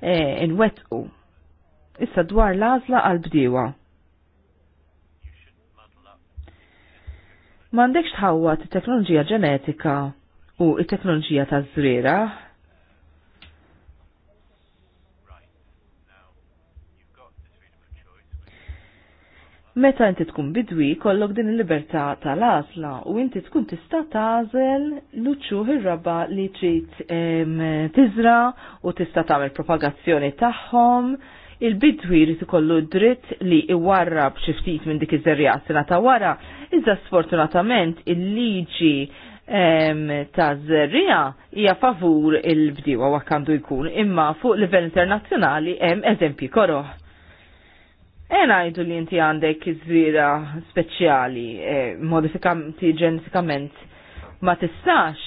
e, nwettqu inwetqu. Issa dwar l-għażla għal-bdiewa. M'għandekx tħawwa t-teknoloġija ġenetika u t teknoloġija taż-żriera Meta inti tkun bidwi kollok din il-libertà tal asla u inti tkun tista' tagħżel l-uċċuħ ir-raba li trid tiżra u tista' tagħmel propagazzjoni tagħhom il-bidwi rrit ikollu dritt li iwarrab xi ftit minn dik iż-żerja sena ta' wara, iżda sfortunatament il-liġi ta' żerrija hija favur il-bdiewa wakandu jkun imma fuq livell internazzjonali hemm eżempji koroħ. E jidu li inti għandek zvira speċjali, e, modifikanti ġenetikament ma tistax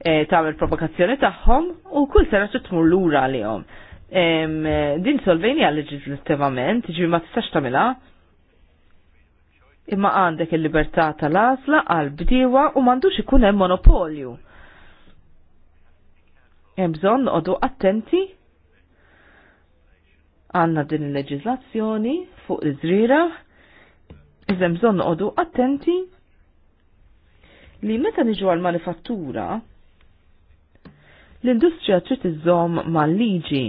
eh, tagħmel propagazzjoni tagħhom u kull sena trid tmur lura għalihom. E, din solvenja leġislattivament, ġi ma tistax tagħmilha, imma għandek il-libertà tal-għażla għal-bdiewa u m'għandux ikun hemm monopolju. Hemm bżonn noqogħdu attenti għanna din il-leġizlazzjoni fuq iż-żrira, iżem bżonn noqogħdu attenti li meta niġu għal manifattura l-industrija trid iżżomm mal-liġi.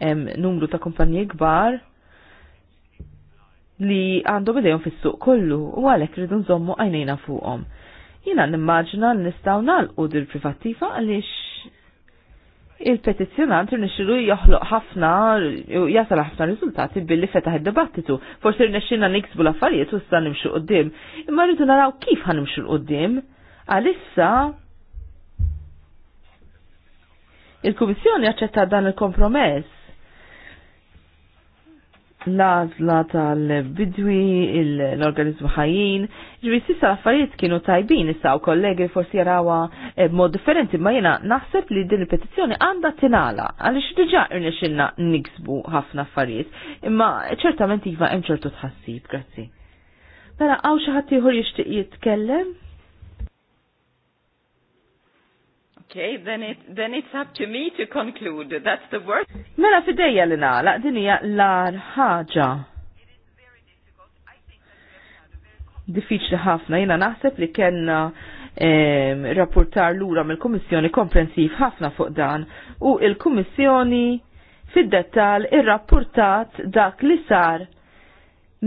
Hemm numru ta' kumpanji kbar li għandhom idejhom fis-suq kollu u għalhekk ridu nżommu għajnejna fuqhom. Jiena nimmaġina nistgħu nagħlqu dil privattiva għaliex il-petizjonant rnexxilu joħloq ħafna u jasal ħafna riżultati billi fetaħ id-dibattitu. Forsi rnexxilna niksbu l-affarijiet u issa nimxu għoddim. Imma rridu naraw kif ħanimxu nimxu għoddim. Għalissa il-Kummissjoni għacċetta dan il-kompromess l-azla tal-bidwi, l-organizmu ħajjin, ġri sissa affarijiet kienu tajbin issa u kollegi forsi jarawa eh, b'mod differenti, ma jena naħseb li din il-petizzjoni għanda tinala, għalix diġa irnexilna niksbu ħafna affarijiet, imma ċertament jiva hemm tħassib, grazzi. Mela, għaw xaħat jħor jishtiq jitkellem? Okay, then, it, then it's up to me to conclude. That's the word. Mela fideja li nagħlaq din hija l-ar ħaġa. Diffiċli ħafna, jiena naħseb li kellna eh, rapportar lura mill-Kummissjoni komprensiv ħafna fuq dan u il-Kummissjoni fid-dettal ir-rapportat dak li sar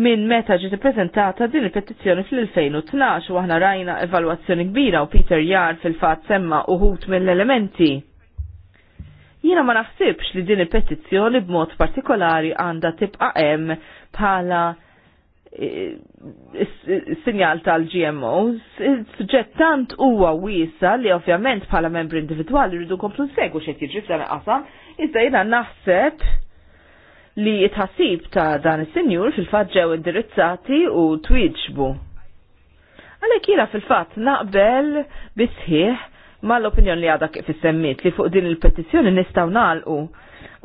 minn meta ġiet ippreżentata din il-petizzjoni fl-2012 u aħna rajna evalwazzjoni kbira u Peter Jar fil-fatt semma uħut mill-elementi. Jiena ma naħsibx li din il-petizzjoni b'mod partikolari għandha tibqa' hemm bħala e, sinjal tal-GMOs, suġġett tant huwa wiesa li ovvjament bħala membri individwali rridu komplu segwu xejn jiġri f'dan qasam, iżda jiena naħseb li jitħassib ta' dan is-senjur fil-fatt ġew indirizzati u twiġbu. Għalhekk jiena fil-fatt naqbel bisħieħ mal-opinjon li għadha kif semmit li fuq din il-petizzjoni nistgħu nagħlqu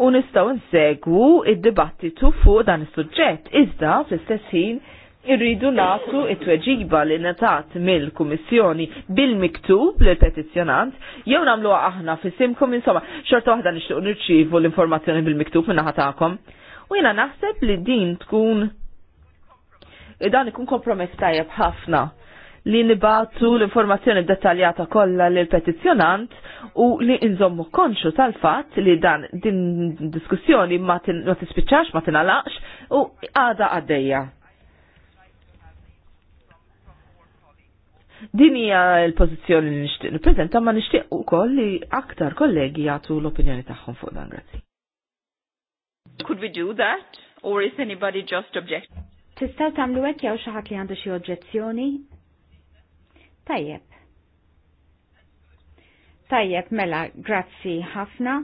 u nistgħu nsegwu id-dibattitu fuq dan is-suġġett iżda fl-istess ħin irridu natu it-tweġiba li natat mill-Kummissjoni bil-miktub li petizzjonant jew namlu aħna fissimkom insomma xorta waħda nixtieq nirċievu l-informazzjoni bil-miktub minna ħatakom. U jena naħseb li din tkun dan ikun kompromess tajjeb ħafna li nibatu l-informazzjoni dettaljata kollha lil petizzjonant u li inżommu konxu tal-fatt li dan din diskussjoni ma tispiċċax ma tinalaqx u għada għaddejja. Din hija l-pożizzjoni li nixtieq nippreżenta ma nixtieq ukoll li aktar kollegi jagħtu l-opinjoni tagħhom fuq dan grazzi. Could we do that or is anybody just object? Tistaw tagħmlu hekk jew xi ħadd li għandu xi oġġezzjoni? Tajjeb. Tajjeb mela, grazzi ħafna.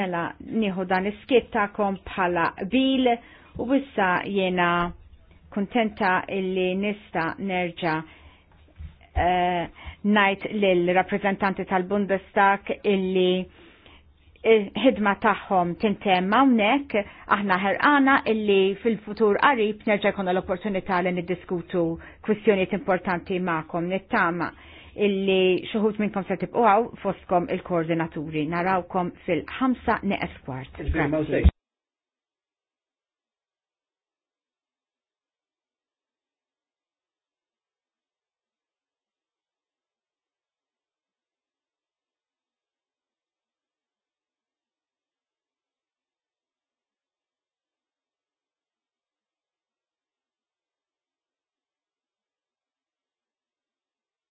Mela, nieħu dan iskiet kom bħala bil u wissa jiena kuntenta illi nista nerġa' najt l-rappresentanti tal-Bundestag illi ħidma tagħhom tintemm hawnhekk aħna ħerqana illi fil-futur qarib nerġa' jkun l-opportunità li niddiskutu kwistjonijiet importanti magħkom nittama illi xuħut minnkom se tibqgħu fostkom il-koordinaturi narawkom fil ħamsa neqes kwart.